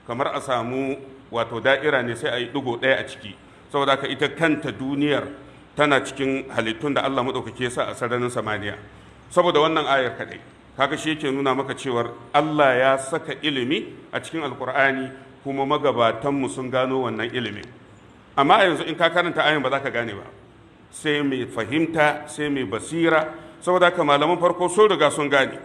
kamar a samu wato da'ira ne sai a yi ɗigo ɗaya a ciki saboda ka ita kanta duniyar tana cikin halittun da Allah maɗaukaki ya sa a sararin samaniya saboda wannan ayar kaɗai kaga shi yake nuna maka cewar Allah ya saka ilimi a cikin alkur'ani kuma magabatanmu sun gano wannan ilimin amma a yanzu in ka karanta ayan ba za ka gane ba sai mai fahimta sai mai basira saboda haka malaman farko sun riga sun gane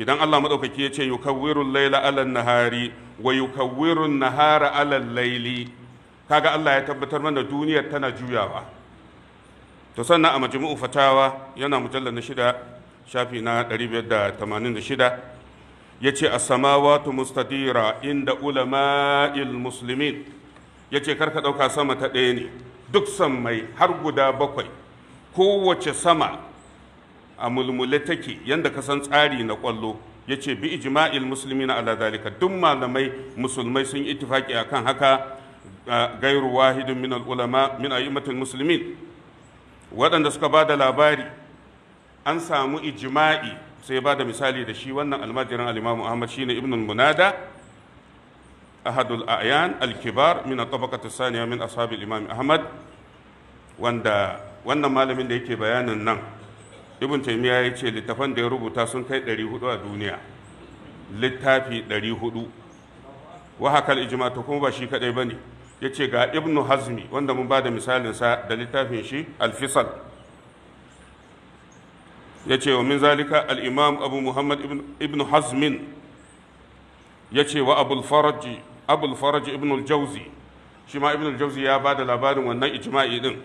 idan Allah maɗaukaki ya ce yukawwirul laila alal nahari wa yukawwirun nahara alal laili kaga Allah ya tabbatar mana duniyar tana juyawa to sannan a majmu'u fatawa yana mujallar na shida shafi na 586 yace as-samawatu mustadira inda ulama'il muslimin yace karka dauka sama ta ɗaya ne duk mai har guda bakwai kowace sama a mulmule take yanda ka san tsari na kwallo yace bi ijma'il muslimina ala dalika duk malamai musulmai sun ittifaki akan haka gairu wahidin min ulama min a'immatul musulmin waɗanda suka ba da labari an samu ijima'i sai ba da misali da shi wannan almajirin alimamu ahmad shine ibn munada ahadul a'yan al-kibar min tabaqat saniya min ashab imam ahmad wanda wannan malamin da yake bayanin nan ibn taymiya ya ce littafan da ya rubuta sun kai 400 a duniya littafi 400 wa hakal ijma ta kuma ba shi kadai bane ya ce ga ibnu hazmi wanda mun ba da misalinsa da littafin shi alfisal ya ce wa min zalika al'imam abu muhammad ibnu hazmin ya ce wa abul faraji ibnu jauzi shi ma ibnu jauzi ya ba da labarin wannan ijma'i din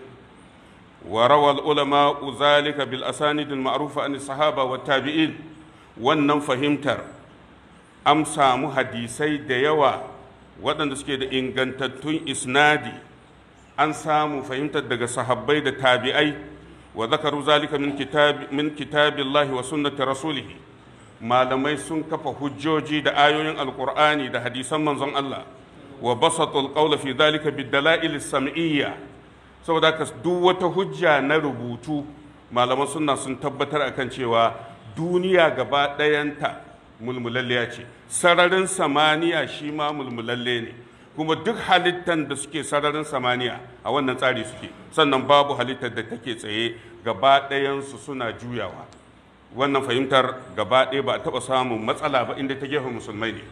wa rawal ulama zalika bil asanidin ma'rufa an sahaba wa tabi'in wannan fahimtar an samu hadisai da yawa waɗanda suke da ingantattun isnadi an samu fahimtar daga sahabbai da tabi'ai wa zakaru zalika min kitabillahi wa sunnati rasulih malamai sun kafa hujjoji da ayoyin alqur'ani da hadisan manzon Allah wa basatul qawla fi zalika bid-dala'il sam'iyya saboda ka duk wata hujja na rubutu malaman sunna sun tabbatar akan cewa duniya gaba ɗayanta mulmulalliya ce sararin samaniya shi ma mulmulalle ne kuma duk halittar da suke sararin samaniya a wannan tsari suke sannan babu halittar da take tsaye gaba ɗayansu suna juyawa wannan fahimtar gaba ɗaya ba a taɓa samun matsala ba inda ta gefen musulmai ne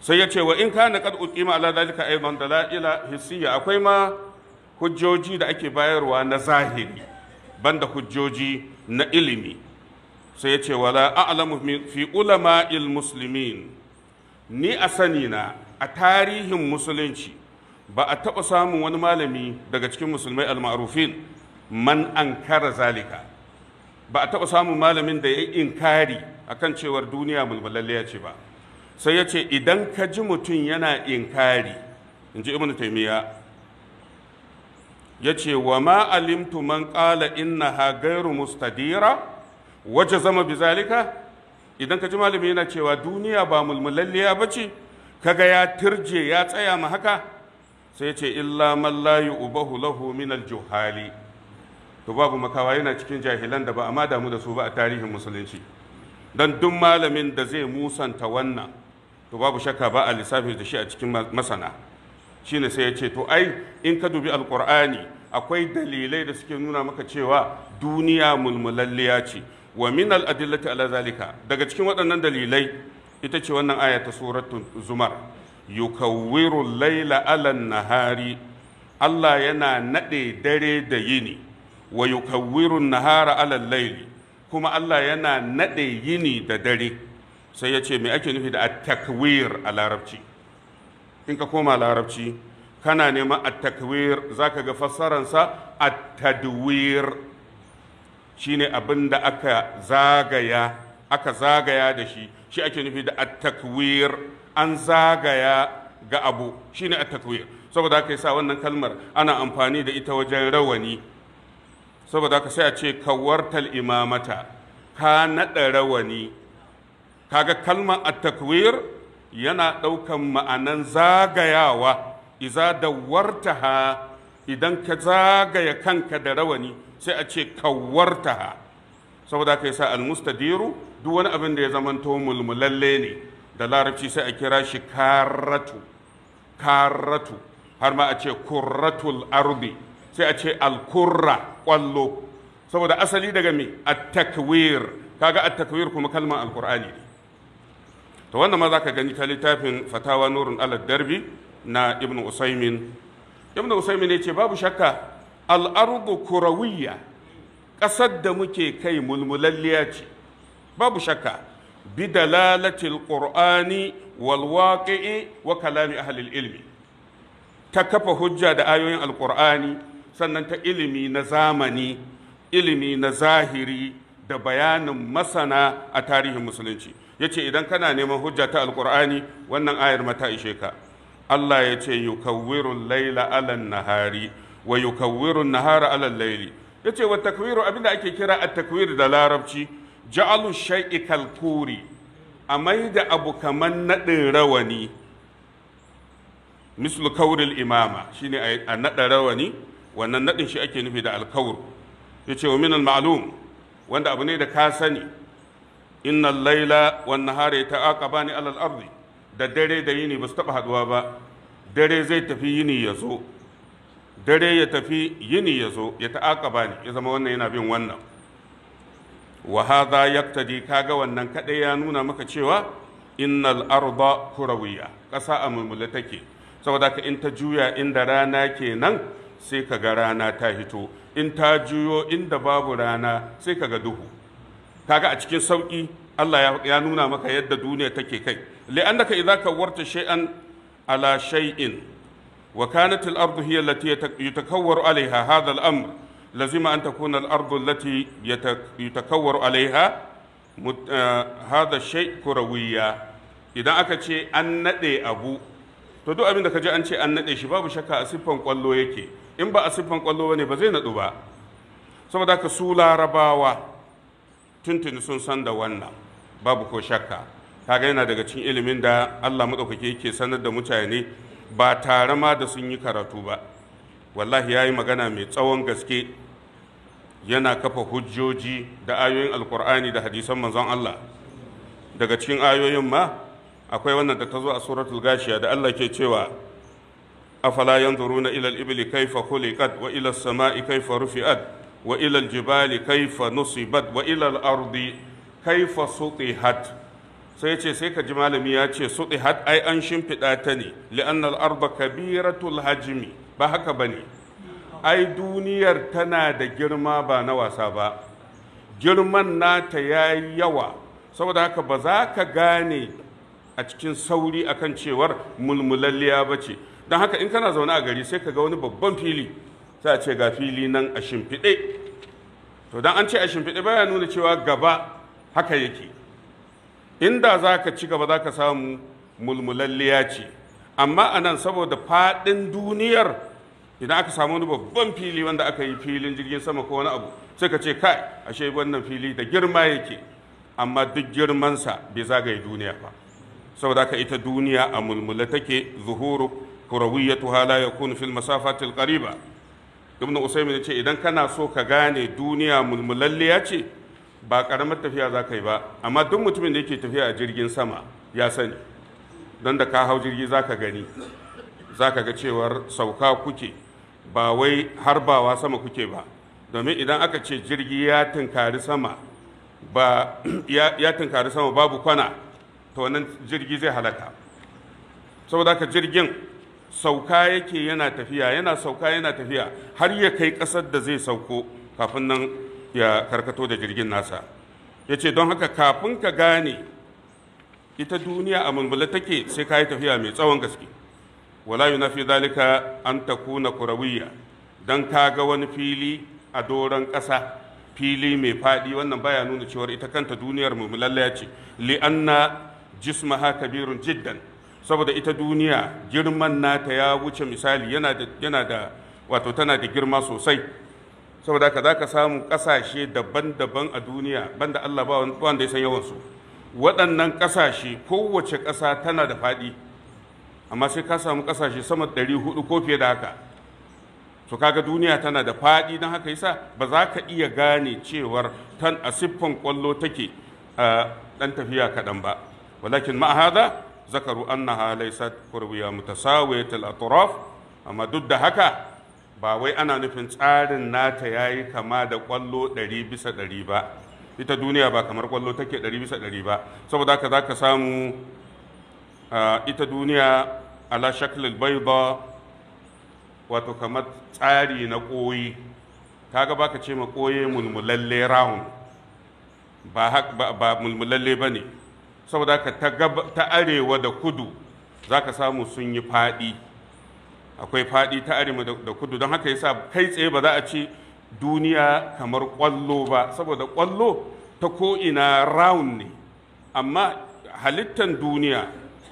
sai ya ce wa in ka kana a uqima ala zalika aidan dalaila hisiya akwai ma hujjoji da ake bayarwa na zahiri banda hujjoji na ilimi sai ya ce wala a'lamu fi ulama'il muslimin ni a sani na a tarihin musulunci ba a taɓa samun wani malami daga cikin musulmai al-ma'rufin man ankara zalika ba a taɓa samun malamin da ya yi inkari akan cewar duniya mulmulalliya ce ba sai ya ce idan ka ji mutum yana inkari in ji ibn taimiyya ya ce wa ma alimtu man ƙala innaha gairu mustadira waje zama bizalika idan ka ji malami yana cewa duniya ba mulmulalliya ba ce kaga ya turje ya tsaya ma haka sai ce illa man la yu'bahu lahu min al to babu makawa yana cikin jahilan da ba a ma damu da su ba a tarihin musulunci dan duk malamin da zai musanta wannan to babu shakka ba a lissafi da shi a cikin masana shine sai ya ce to ai in ka dubi alqur'ani akwai dalilai da suke nuna maka cewa duniya mulmulalliya ce wa min al-adillati ala zalika daga cikin waɗannan dalilai ita ce wannan aya ta suratul zumar yukawwiru layla ala nahari Allah yana nade dare da yini wa yukawwiru nahara ala layli kuma Allah yana nade yini da dare sai yace me ake nufi da at-takwir a larabci in ka koma larabci kana neman at-takwir zaka ga fassaransa at-tadwir shine abin da aka zagaya aka zagaya da shi shi ake nufi da at-takwir an zagaya ga abu shine at-takwir saboda haka yasa wannan kalmar ana amfani da ita wajen rawani saboda haka sai a ce kawartal imamata ka naɗa rawani kaga kalmar at-takwir yana ɗaukan ma'anan zagayawa iza dawartaha idan ka zagaya kanka da rawani sai a ce kawartaha saboda ka yasa almustadiru duk wani abin da ya zamanto mulmulalle ne da larabci sai a kira shi karatu karatu har ma a ce kurratul ardi sai a ce alkurra kwallo saboda asali daga me at-takwir kaga at-takwir kuma kalmar alkur'ani ne to wannan ma zaka gani ta littafin fatawa nurun alad darbi na ibnu usaymin ibnu usaymin yace babu shakka al’arugu kurawiyya ƙasar da muke kai mulmulalliya ce babu shakka bi da qur'ani wal waqi'i wa kalami halin ilmi ta kafa hujja da ayoyin alqur'ani sannan ta ilimi na zamani ilimi na zahiri da bayanin masana a tarihin musulunci Ya ce idan kana neman hujja ta alqur'ani wannan ayar mata ishe ka Allah ya ce yukawwirul laila alan nahari wa yukawwiru nahara ala layli yace wa takwiru abinda ake kira at-takwir da larabci ja'alu shay'i kalkuri a mai da abu kaman nadin rawani mislu kauril imama shine a nada rawani wannan nadin shi ake nufi da alkaur yace wa min al-ma'lum wanda abu ne da ka sani innal laila wan nahara yata'aqabani ala al-ardi da dare da yini ba su taba haduwa ba dare zai tafi yini ya zo dare ya tafi yini ya zo ya ta'aqaba ne ya zama wannan yana bin wannan wa hadha yaqtadi kaga wannan kadai ya nuna maka cewa innal arda kurawiya ƙasa a take saboda ka in ta juya inda rana kenan sai ka ga rana ta hito in ta juyo inda babu rana sai ka ga duhu kaga a cikin sauƙi Allah ya nuna maka yadda duniya take kai li'annaka idza kawarta shay'an ala shay'in وكانت الأرض هي التي يتكور عليها هذا الأمر لزم أن تكون الأرض التي يتكور عليها هذا الشيء كروية إذا أكتشي أن نأتي أبو to duk abin da ka ji an ce an naɗe shi babu shaka a siffan kwallo yake in ba a kwallo ne ba zai naɗu ba saboda haka su larabawa tuntuni sun san da wannan babu ko shakka kaga yana daga cikin ilimin da Allah maɗaukaki yake sanar da mutane ba tare ma da sun yi karatu ba wallahi ya yi magana mai tsawon gaske yana kafa hujjoji da ayoyin alkur'ani da hadisan manzon Allah daga cikin ayoyin ma akwai wannan da ta zo a suratul gashiya da Allah ke cewa afala yanzuruna ila al-ibli kayfa khuliqat wa ila as-sama'i kayfa rufi'at wa ila al-jibali kaifa nusibat wa ila al-ardi kayfa sutihat sai ce sai ka ji malami ya ce su had ai an shimfiɗa ta ne li'annal arba kabiratul hajimi ba haka ba ne ai duniyar tana da girma ba na wasa ba girman nata ya yi yawa saboda haka ba za ka gane a cikin sauri akan cewar mulmulalliya ba ce don haka in kana zaune a gari sai ka ga wani babban fili sai a ce ga fili nan a shimfiɗe to dan an ce a shimfiɗe baya nuna cewa gaba haka yake inda za ka ci gaba za ka samu mulmulalliya ce amma a nan saboda faɗin duniyar idan aka samu wani babban fili wanda aka yi filin jirgin sama ko wani abu sai ka ce kai ashe wannan fili da girma yake amma duk girmansa bai zagaye duniya ba saboda haka ita duniya a mulmula take zuhuru tuhala ya yakunu fil masafatil qariba ibnu usaymin ya ce idan kana so ka gane duniya mulmulalliya ce ba ƙaramar tafiya za ka yi ba amma duk mutumin da yake tafiya a jirgin sama ya sani don da ka hau jirgi za ka gani za ka ga cewar sauka kuke ba wai harbawa sama kuke ba domin idan aka ce jirgi ya tunkari sama ba ya babu kwana to wannan jirgi zai halaka saboda ka jirgin sauka yake yana tafiya yana sauka yana tafiya har ya kai ƙasar da zai sauko kafin nan ya karkato da jirgin nasa ya ce don haka kafin ka gane ita duniya a mulmula take sai ka yi tafiya mai tsawon gaske wala yunafi zalika an ta kuna kurawiyya don ka ga wani fili a doron ƙasa fili mai faɗi wannan baya nuna cewar ita kanta duniyar mu ya ce li'anna jismaha kabirun jiddan saboda ita duniya girman nata ya wuce misali yana da wato tana da girma sosai saboda haka za ka samu ƙasashe daban-daban a duniya banda Allah ba wanda ya san yawansu waɗannan ƙasashe kowace ƙasa tana da faɗi amma sai ka samu ƙasashe sama ɗari hudu ko fiye da haka to kaga duniya tana da faɗi don haka yasa ba za ka iya gane cewar tan a siffan ƙwallo take a ɗan tafiya kaɗan ba walakin ma'ahada zakaru annaha laysat qurbiya mutasawiyat al-atraf amma duk da haka ba wai ana nufin tsarin nata ya yi kama da kwallo ɗari bisa ɗari ba ita duniya ba kamar kwallo take ɗari bisa ɗari ba saboda haka za ka samu ita duniya ala shaklil ba wato kamar tsari na ƙoyi ga baka ce ma ƙoye mulmulalle rahun ba, ba mulmulalle ba ne saboda haka ta arewa da kudu za ka samu sun yi faɗi akwai faɗi ta arewa da kudu don haka yasa kai tsaye ba za a ce duniya kamar ƙwallo ba saboda ƙwallo ta ko'ina round ne amma halittan duniya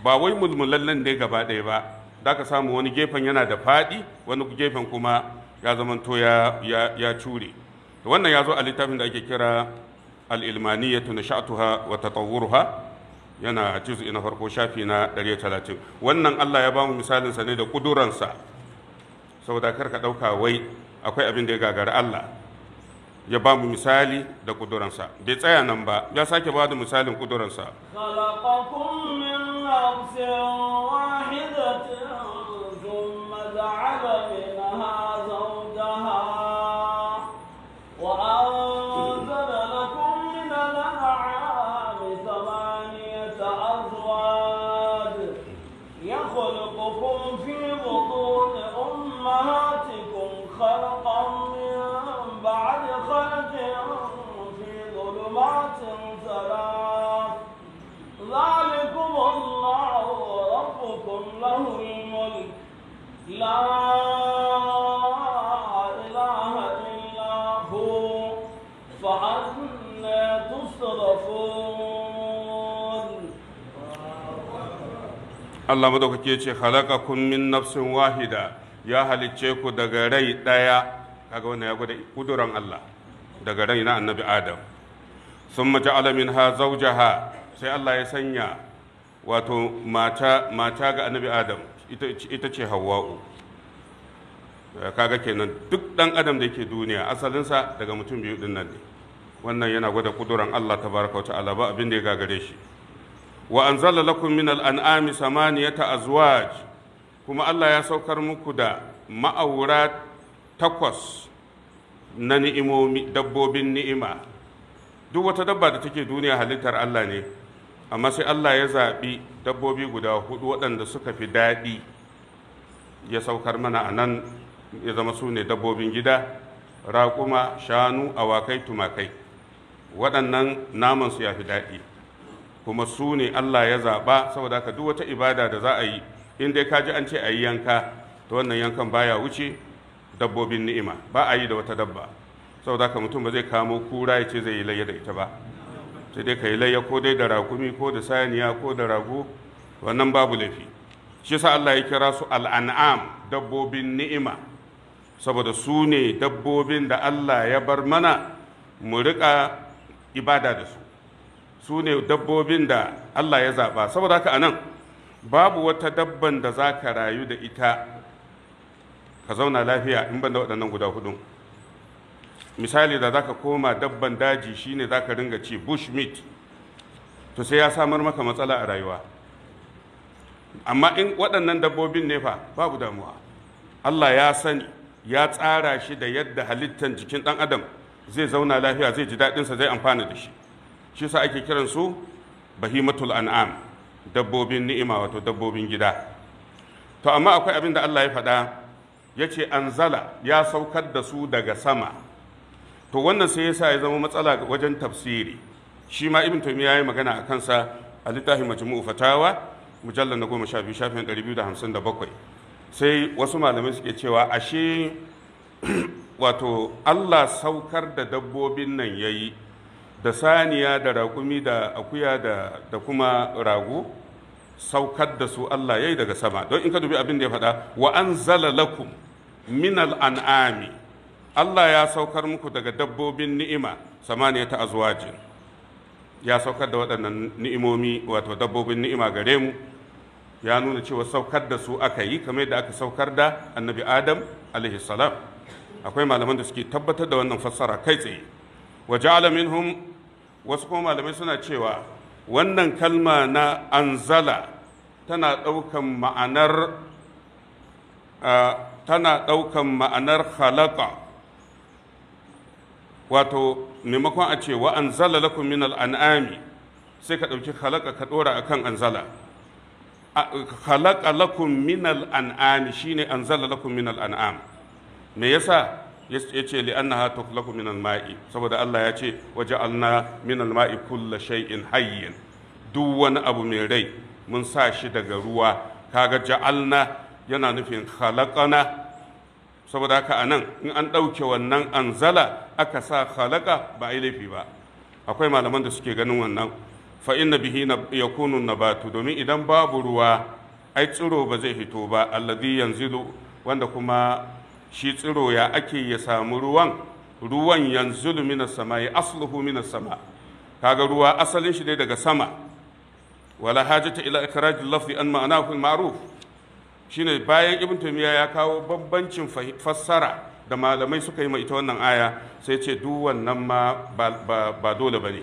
ba wai mulmulallen ne gaba ɗaya ba za ka samu wani gefen yana da faɗi wani gefen kuma ya zamanto ya cure wannan ya zo a littafin da ake kira al-ilmaniyatu nasha'atuha wa tatawwuruha yana juz na farko shafi na 130 wannan Allah ya bamu misalin sa ne da kuduransa saboda kar ka dauka wai akwai abin da ya gagara Allah ya ba mu misali da kuduransa bai tsaya nan ba ya sake ba da misalin kuduransa Allah madaukake ya ce khalaqakum min nafsin wahida ya halicce ku daga rai daya kaga wannan ya gwada kuduran Allah daga rai na annabi Adam summa ja'ala minha zawjaha sai Allah ya sanya wato mata mata ga annabi Adam ita ita ce Hawwa'u kaga kenan duk dan adam da yake duniya asalinsa daga mutum biyu din nan ne wannan yana gwada kuduran Allah tabaraka wa ta'ala ba abin da ya gagare shi wa anzala lakum min al'an'ami samaniyata azwaj kuma Allah ya saukar muku da ma'aura takwas na ni'imomi dabbobin ni'ima duk wata dabba da take duniya halittar Allah ne amma sai Allah ya zaɓi dabbobi guda huɗu waɗanda suka fi daɗi ya saukar mana a nan ya zama sune dabbobin gida raƙuma shanu awakai tumakai waɗannan namansu ya fi daɗi kuma su ne Allah ya zaɓa saboda ka duk wata ibada da za a yi in dai ka ji an ce a yi yanka ta wannan yankan baya wuce dabbobin ni'ima ba a yi da wata dabba saboda ka mutum ba zai kamo kura ya ce zai yi layya da ita ba sai dai ka yi layya ko dai da ragumi ko da saniya ko da rago wannan babu laifi shi sa Allah ya kira su al'an'am dabbobin ni'ima saboda su ne dabbobin da Allah ya bar mana mu riƙa ibada da su su ne dabbobin da Allah ya zaɓa saboda haka anan babu wata dabban da za ka rayu da ita ka zauna lafiya in ban da waɗannan guda hudun misali da za ka koma dabban daji shine za ka ringa ci bush meat to sai ya samar maka matsala a rayuwa amma in waɗannan dabbobin ne fa babu damuwa Allah ya sani ya tsara shi da yadda halittan jikin ɗan adam zai zauna lafiya zai ji daɗinsa zai amfana da shi shi sa ake kiran su bahimatul an'am dabbobin ni'ima wato dabbobin gida to amma akwai abin da Allah ya faɗa ya ce anzala ya saukar da su daga sama to wannan sai ya yasa ya zama matsala wajen tafsiri shi ma ibn taymiya ya yi magana a kansa a littafin majmu'u fatawa mujallar na goma sha biyu shafin ɗari biyu da hamsin da bakwai sai wasu malamai suke cewa ashe wato Allah saukar da dabbobin nan ya yi da saniya da raƙumi da akuya da kuma rago saukar da su Allah ya yi daga sama don in ka dubi abin da ya faɗa wa an zala lakum minal an'ami Allah ya saukar muku daga dabbobin ni'ima samaniya ta azwajin ya saukar da waɗannan ni'imomi wato dabbobin ni'ima gare mu ya nuna cewa saukar da su aka yi kamar da aka saukar da annabi adam alaihi salam akwai malaman da suke tabbatar da wannan fassara kai tsaye Waje alamin minhum wasu kuma malamai suna cewa wannan kalma na anzala tana ɗaukan ma'anar tana ɗaukan ma'anar halaka wato maimakon a ce wa anzala lakum min al'an'ami sai ka ɗauki halaka ka ɗora a kan anzala halaka lakum min al'an'ami shine anzala lakum min al'an'am me yasa yace li annaha tuflaku min mai saboda Allah ya ce waja'alna min minan mai kulla shay'in hayyin duk wani abu mai rai mun sa shi daga ruwa kaga ja'alna yana nufin khalaqana saboda haka anan in an ɗauke wannan anzala aka sa khalaqa ba ai laifi ba akwai malaman da suke ganin wannan fa inna bihi yakunu nabatu domin idan babu ruwa ai tsiro ba zai fito ba alladhi yanzilu wanda kuma shi tsiro ya ake ya samu ruwan ruwan yanzu minas sama ya asluhu minas sama kaga ruwa asalin shi ne daga sama wala hajata ila ikraj lafzi an ma'anahu ma'ruf shine bayan ibn tumiya ya kawo bambancin fassara da malamai suka yi ma ita wannan aya sai ce duk wannan ma ba dole bane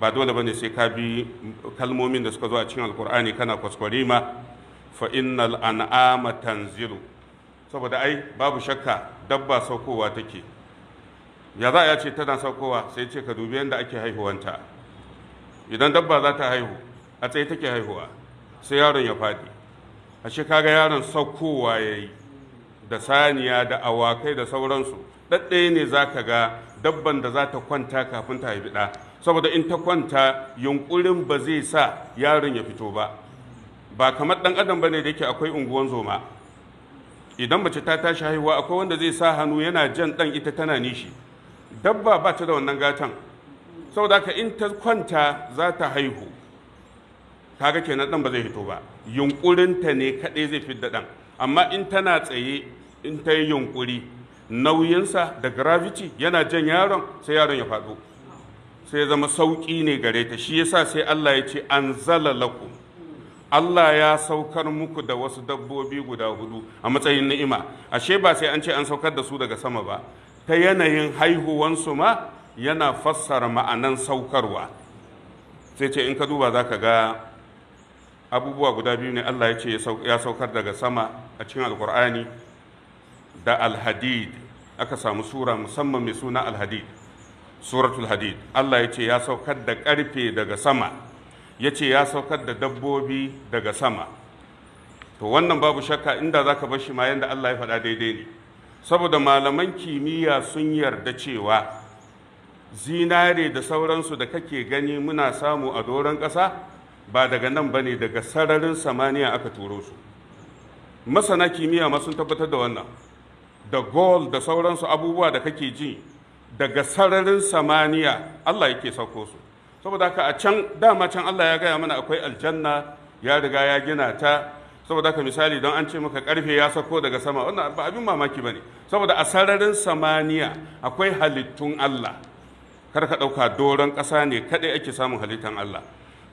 ba dole bane sai ka bi kalmomin da suka zo a cikin alqur'ani kana kwaskwarima fa innal an'ama tanzilu saboda ai babu shakka dabba saukowa take ya za a ce tana saukowa sai ce ka dubi yadda ake haihuwanta idan dabba za ta haihu a tsaye take haihuwa sai yaron ya faɗi a shi kaga yaron saukowa ya yi da saniya da awakai da sauransu ɗaɗɗaya ne za ka ga dabban da za ta kwanta kafin ta haifi ɗa saboda in ta kwanta yunkurin ba zai sa yaron ya fito ba ba kamar ɗan adam ba ne da yake akwai unguwan zoma idan mace ta tashi haihuwa akwai wanda zai sa hannu yana jan dan ita tana nishi dabba ba ta da wannan gatan saboda ka in ta kwanta za ta haihu kaga kenan dan ba zai hito ba Yunƙurinta ne kadai zai fi dan amma in tana tsaye in ta yi yunkuri nauyinsa da gravity yana jan yaron sai yaron ya faɗo sai ya zama sauƙi ne gare ta shi yasa sai Allah ya ce zala lakum Allah ya saukar muku da wasu dabbobi guda hudu a matsayin ni'ima ashe ba sai an ce an saukar da su daga sama ba ta yanayin haihuwansu ma yana fassara ma'anan saukarwa sai ce in ka duba za ka ga abubuwa guda biyu ne Allah ya ce ya saukar daga sama a cikin alkur'ani da alhadid aka samu sura musamman mai suna alhadid suratul hadid Allah ya ce ya saukar da karfe daga sama ya ce ya saukar da dabbobi daga sama to wannan babu shakka inda za ka bashi ma yadda Allah ya faɗa daidai ne saboda malaman kimiyya sun yarda cewa zinare da sauransu da kake gani muna samu a doron ƙasa ba daga nan ba ne daga sararin samaniya aka turo su masana kimiyya ma sun tabbatar da wannan da gold da sauransu abubuwa da kake ji daga sararin samaniya Allah yake sauko su saboda haka a can dama can Allah ya gaya mana akwai aljanna ya riga ya gina ta saboda haka misali don an ce maka karfe ya sako daga sama wannan ba abin mamaki bane saboda a sararin samaniya akwai halittun Allah kar ka ɗauka doron ƙasa ne kadai ake samun halittan Allah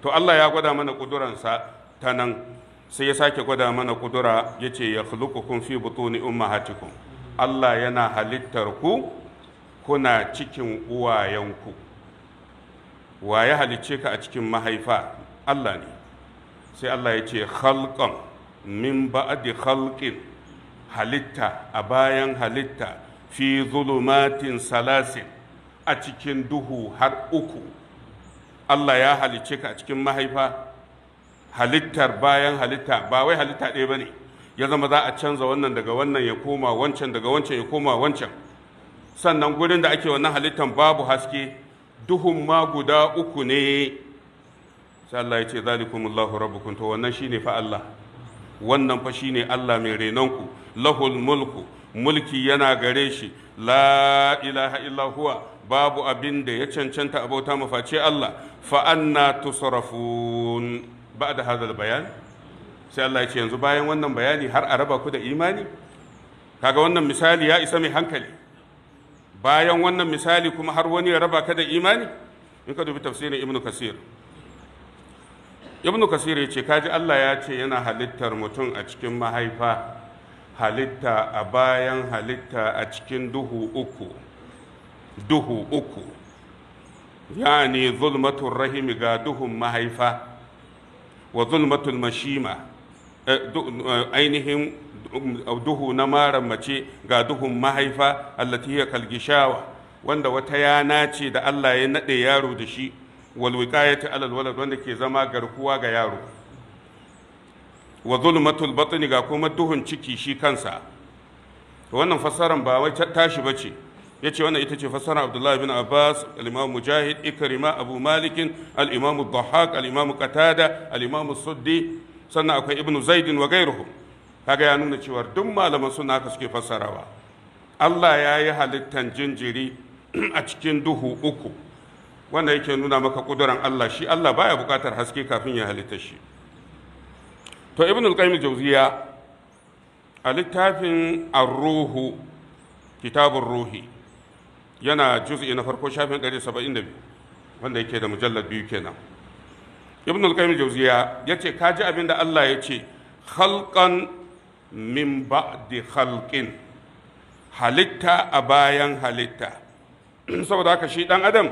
to Allah ya gwada mana kudurarsa ta nan sai ya sake gwada mana kudura ya ce ya khuluqukum fi butuni ummahatikum Allah yana halittar ku kuna cikin uwayenku wa ya halicce ka a cikin mahaifa Allah ne sai Allah ya ce khalqan min ba'di khalqin halitta a bayan halitta fi zulumatin salasin a cikin duhu har uku Allah ya halicce ka a cikin mahaifa halittar bayan halitta ba wai halitta ɗaya ba ne ya zama za a canza wannan daga wannan ya koma wancan daga wancan ya koma wancan sannan gurin da ake wannan halittan babu haske duhun ma guda uku ne sai Allah ya ce zalikumullahu rabbukum to wannan shine fa Allah wannan fa shine Allah mai renonku lahul mulku mulki yana gare shi la ilaha illa huwa babu abin da ya cancanta abota mafaci Allah fa anna tusrafun ba'da hadal bayan sai Allah ya ce yanzu bayan wannan bayani har a raba ku da imani kaga wannan misali ya isa mai hankali bayan wannan misali kuma har wani ya raba ka da imani in ka dubi tafsirin ibnu kasir ibnu kasir ya ce kaji allah ya ce yana halittar mutum a cikin mahaifa halitta a bayan halitta a cikin duhu uku duhu uku yani zulmatul rahimi ga duhun mahaifa wa zulmatul mashima eh, eh, ainihin duhu na maran mace ga duhun mahaifa allati kalgishawa wanda wata yana ce da Allah ya nade yaro da shi wal wiqayati alal walad wanda ke zama garkuwa ga yaro wa zulmatul batni ga kuma duhun ciki shi kansa wannan fassaran ba wai tashi bace yace wannan ita ce fassarar Abdullah bin Abbas al-Imam Mujahid Ikrima Abu Malik al-Imam Dhahhak al-Imam Qatada al-Imam Suddi sannan akwai Ibn Zaid wa ghayruhum kaga ya nuna cewa duk malaman suna ka suke fassarawa Allah ya yi halittan jinjiri a cikin duhu uku wanda yake nuna maka kuduran Allah shi Allah baya bukatar haske kafin ya halitta shi to ibn al-qayyim jawziya a littafin ar-ruhu kitabur ruhi yana juz'i na farko shafin 172 wanda yake da mujallad biyu kenan ibn al-qayyim jawziya yace kaji abinda Allah ya ce khalqan min ba'di halkin. halitta a bayan halitta saboda haka shi ɗan adam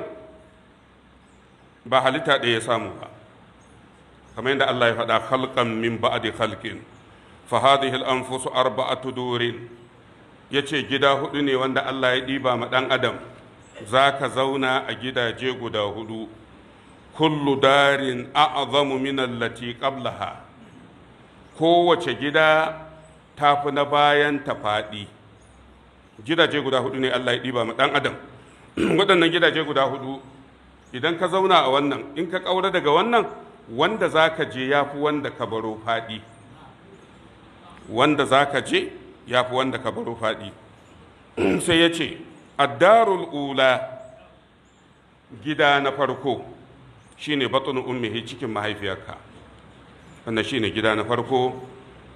ba halitta ɗaya ya samu ba kamar yadda Allah ya faɗa halkan min ba'di khalqin fa hadhihi al-anfus arba'atu durin yace gida hudu ne wanda Allah ya ɗiba ma ɗan adam zaka zauna a gidaje guda hudu kullu darin a'zamu min allati qablaha kowace gida ta fi na bayan ta faɗi gidaje guda hudu ne Allah ya ɗiba ma ɗan adam waɗannan gidaje guda hudu idan ka zauna a wannan in ka ƙaura daga wannan wanda za ka je ya fi wanda ka baro faɗi wanda za ka je ya fi wanda ka baro faɗi sai ya ce addarul ula gida na farko shine batun ummihi cikin mahaifiyarka wannan shine gida na farko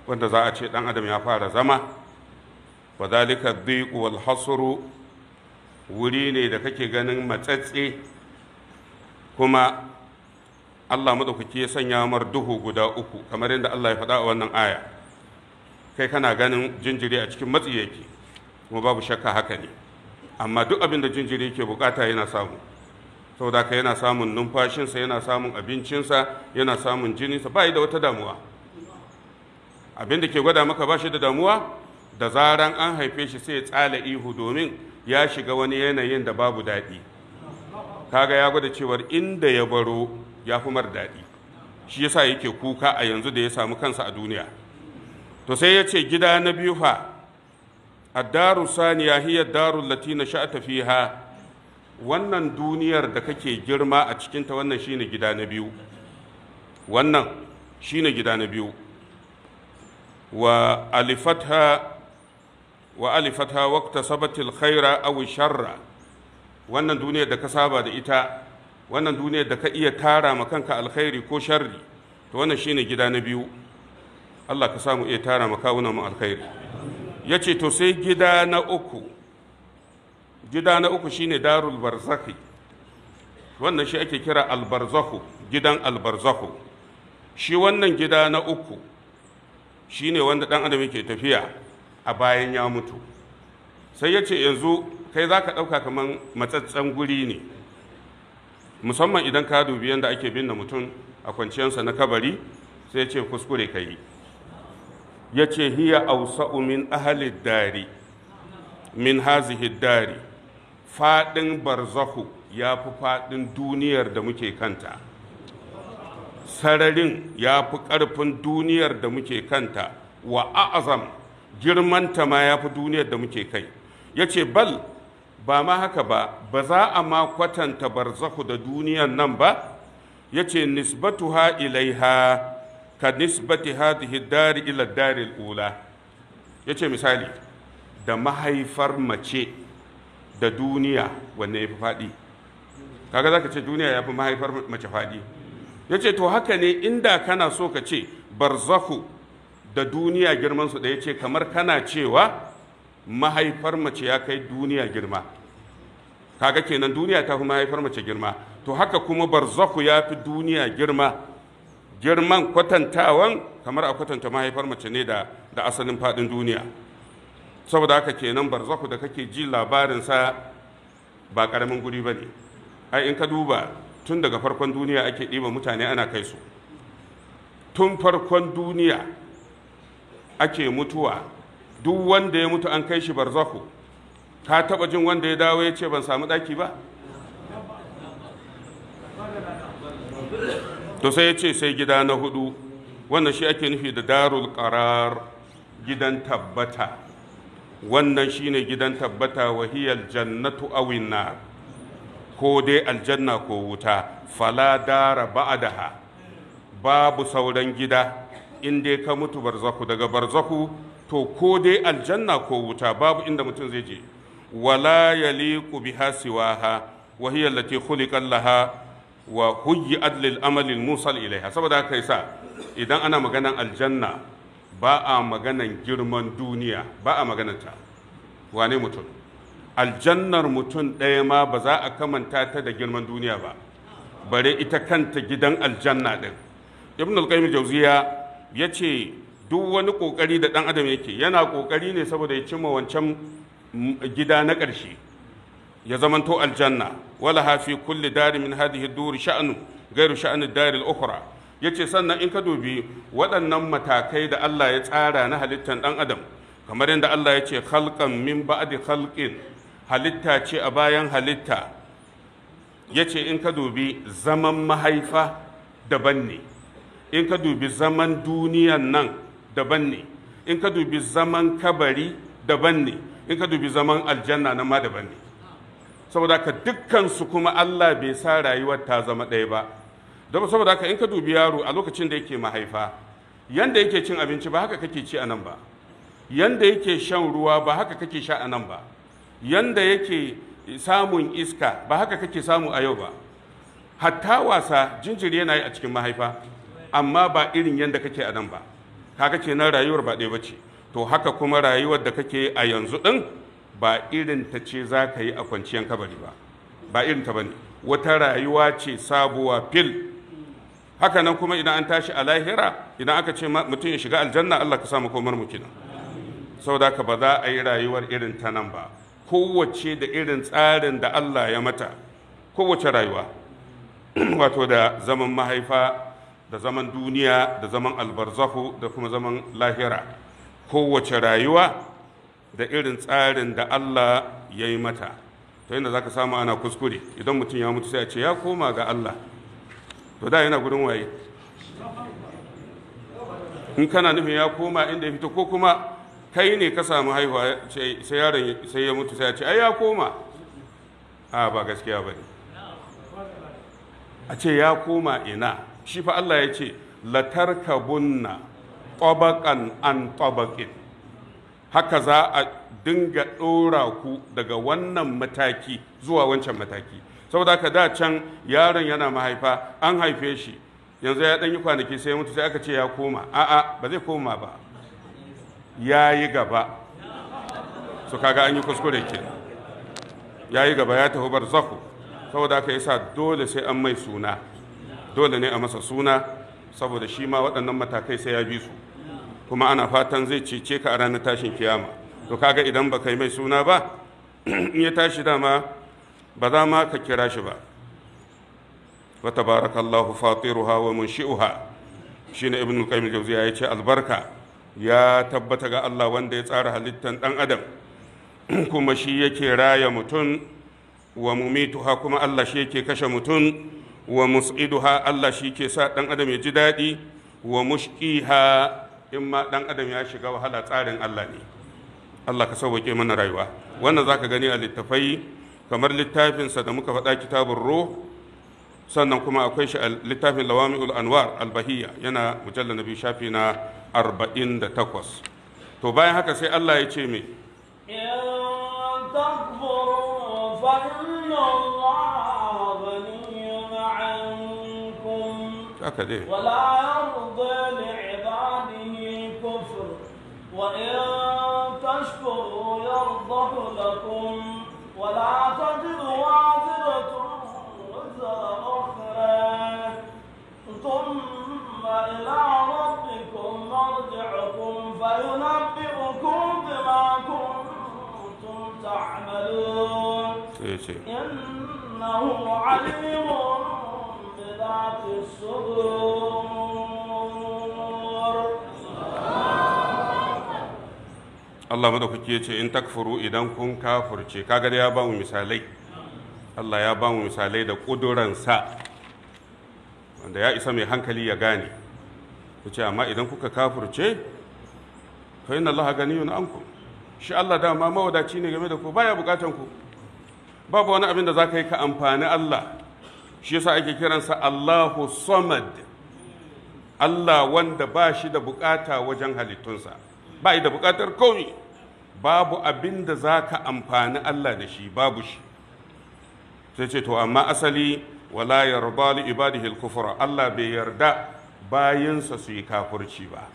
wanda za a ce dan adam ya fara zama wa zalika dhiqu wal hasru wuri ne da kake ganin matsatse kuma Allah madaukaki ya sanya mar duhu guda uku kamar yadda Allah ya faɗa a wannan aya kai kana ganin jinjiri a cikin matsi yake kuma babu shakka haka ne amma duk abin da jinjiri yake bukata yana samu saboda ka yana samun numfashinsa yana samun abincinsa yana samun jininsa ba da wata damuwa abin da ke gwada maka ba shi da damuwa da zaran an haife shi sai ya tsala ihu domin ya shiga wani yanayin da babu daɗi kaga ya gwada cewar inda ya baro ya fi mar daɗi shi yasa yake kuka a yanzu da ya samu kansa a duniya to sai ya ce gida na biyu fa addaru saniya hiya daru lati na sha'ata fiha wannan duniyar da kake girma a cikinta wannan shine gida na biyu wannan shine gida na biyu wa alifatha wa alifatha waqta sabatil khaira aw sharra wannan duniyar da ka saba da ita wannan duniyar da ka iya tara ma kanka alkhairi ko sharri to wannan shine gida na biyu Allah ka samu iya tara ma mu alkhairi yace to sai gida na uku gida na uku wannan shi ake kira albarzahu gidan albarzahu shi wannan gida na uku Shi ne wanda ɗan adam yake tafiya a bayan ya mutu sai ya ce yanzu kai za ka ɗauka kamar matsatsen guri ne musamman idan ka dubi yadda ake binne mutum a kwanciyarsa na kabari sai ya ce kuskure ka yi ya ce hiya ausa'u min ahalid dari min hazihid dari faɗin barzahu ya fi faɗin duniyar da muke kanta sararin ya fi ƙarfin duniyar da muke kanta wa a'azam girmanta ma ya fi duniyar da muke kai ya ce bal ba ma haka ba ba za a ma kwatanta barzahu da duniyar nan ba ya ce nisbatu ilai ilaiha ka nisbati hadhihi dari ila dari ula ya ce misali da mahaifar mace da duniya wanne ya fi faɗi kaga za ka ce duniya ya fi mahaifar mace faɗi ya ce to haka ne inda kana so ka ce barzahu da duniya girmansu da ya ce kamar kana cewa mahaifar mace ya kai duniya girma kaga kenan duniya ta fi mahaifar mace girma to haka kuma barzahu ya fi duniya girma girman kwatantawan kamar a kwatanta mahaifar mace ne da asalin faɗin duniya saboda haka kenan barzahu da kake ji labarinsa ba ƙaramin guri ba ne ai in ka duba tun daga farkon duniya ake ɗiba mutane ana kai su tun farkon duniya ake mutuwa duk wanda ya mutu an kai shi barzaku ka taba jin wanda ya dawo ya ce ban samu ɗaki ba to sai ya ce sai gida na hudu wannan shi ake nufi da darul karar gidan tabbata wannan shine gidan tabbata wahiyar jannatu awinna. ko dai aljanna ko wuta fala dara ba'daha babu sauran gida in dai ka mutu barzaku daga barzaku to ko dai aljanna ko wuta babu inda mutum zai je wala yaliqu biha siwaha wa hiya allati khuliqat laha wa huyyi'at lil amali musal ilaiha saboda haka yasa idan ana maganan aljanna ba a maganan girman duniya ba a ta wane mutum aljannar mutum ɗaya ma ba za a kamanta ta da girman duniya ba bare ita kanta gidan aljanna ɗin ibn al-qayyim jauziya ya ce duk wani ƙoƙari da ɗan adam yake yana ƙoƙari ne saboda ya cimma wancan gida na ƙarshe ya zamanto aljanna wala hafi kulli dari min hadhihi duri sha'nu gairu sha'ni dari al-ukhra yace sannan in ka dubi waɗannan matakai da Allah ya tsara na halittar ɗan adam kamar yadda Allah ya ce khalqan min ba'di khalqin halitta ce a bayan halitta ya ce in ka dubi zaman mahaifa daban ne in ka dubi zaman duniyan nan daban ne in ka dubi zaman kabari daban ne in ka dubi zaman aljanna nan ma daban ne saboda ka dukkansu kuma Allah bai sa rayuwar ta zama ɗaya ba don saboda ka in ka dubi yaro a lokacin da yake mahaifa yanda yake cin abinci ba haka kake ci a nan ba yanda yake shan ruwa ba haka kake sha a nan ba yanda yake samun iska ba haka kake samu a yau ba hatta wasa jinjiri yana yi a cikin mahaifa amma ba irin yanda kake a nan ba kaga na rayuwar ba ɗaya bace to haka kuma rayuwar da kake a yanzu ɗin ba irin ta ce za ka yi a kwanciyar kabari ba ba irin ta ne wata rayuwa ce sabuwa fil haka nan kuma idan an tashi a lahira idan aka ce mutum ya shiga aljanna Allah ka sa mu komar mu kenan saboda ka ba za a yi rayuwar irin ta nan ba kowace da irin tsarin da Allah ya mata kowace rayuwa wato da zaman mahaifa da zaman duniya da zaman albarzahu da kuma zaman lahira kowace rayuwa da irin tsarin da Allah ya yi mata ta yadda za ka samu ana kuskure idan mutum ya mutu sai a ce ya koma ga Allah to da yana gudun waye in kana nufin ya koma inda ya fito ko kuma kai ne ka samu haihuwa sai yaron sai ya mutu sai ya ce ai ya koma a ba gaskiya ba ne a ce ya koma ina shi fa Allah ya ce latarkabunna tabaqan an tabaqin haka za a dinga ɗora ku daga wannan mataki zuwa wancan mataki saboda ka da can yaron yana mahaifa an haife shi yanzu ya ɗan yi kwanaki sai mutu sai aka ce ya koma a'a ba zai koma ba ya yi gaba su kaga an yi kuskure ke ya yi gaba ya tafi zaku saboda aka yi sa dole sai an mai suna dole ne a masa suna saboda shi ma waɗannan matakai sai ya bi su kuma ana fatan zai cece ka a ranar tashin kiyama to kaga idan ba yi mai suna ba in ya tashi dama ba za ma ka kira shi ba wa tabarakallahu fatiruha wa munshi'uha shine ibnu qayyim al-jawziya yace albarka ya tabbata ga Allah wanda ya tsara halittan ɗan adam kuma shi yake raya mutum wa mumituha kuma Allah shi yake kashe mutum wa mus'iduha Allah shi ke sa ɗan adam ya ji daɗi wa mushqiha in ma ɗan adam ya shiga wahala tsarin Allah ne Allah ka sauwaƙe mana rayuwa wannan za ka gani a littafai kamar littafinsa da muka faɗa kitabun ruh sannan kuma akwai shi a littafin lawami anwar al albahiyya yana mujallar na biyu shafi na arba'in da توباي هكا سي الله sai Allah ya ce me haka dai ولا يرضى لعباده الكفر وإن تشكروا يرضه لكم ولا تجد وازرة وزر أخرى ثم ثم إلى ربكم مرجعكم إنه عليم بذات الصدور Allah madaukaki ya ce in takfuru idan kun kafurce kaga ya ba mu misalai Allah ya bamu misalai da ƙuduransa wanda ya isa mai hankali ya gane ku ce amma idan kuka kafurce fa inna allaha ganiyun anku shi Allah dama mawadaci ne game da ku baya bukatan ku babu wani abin da zaka yi ka amfani Allah shi yasa ake kiransa Allahu Samad Allah wanda ba shi da bukata wajen halittunsa ba da bukatar komi. babu abin da zaka amfani Allah da shi babu shi sai ce to amma asali wala yarda li ibadihi al-kufra Allah bai yarda bayinsa su yi kafirci ba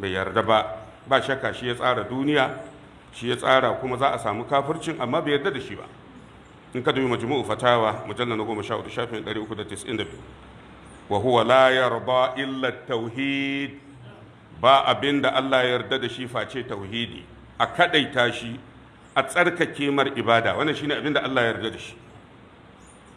bai yarda ba ba shakka shi ya tsara duniya shi ya tsara kuma za a samu kafircin amma bai yarda da shi ba in ka dubi majmu'u fatawa mujallal na shafin ɗari wa huwa la yarda illa tauhid ba abinda Allah ya yarda da shi face tauhidi a kadaita shi a tsarkake mar ibada wannan shine abinda Allah ya yarda da shi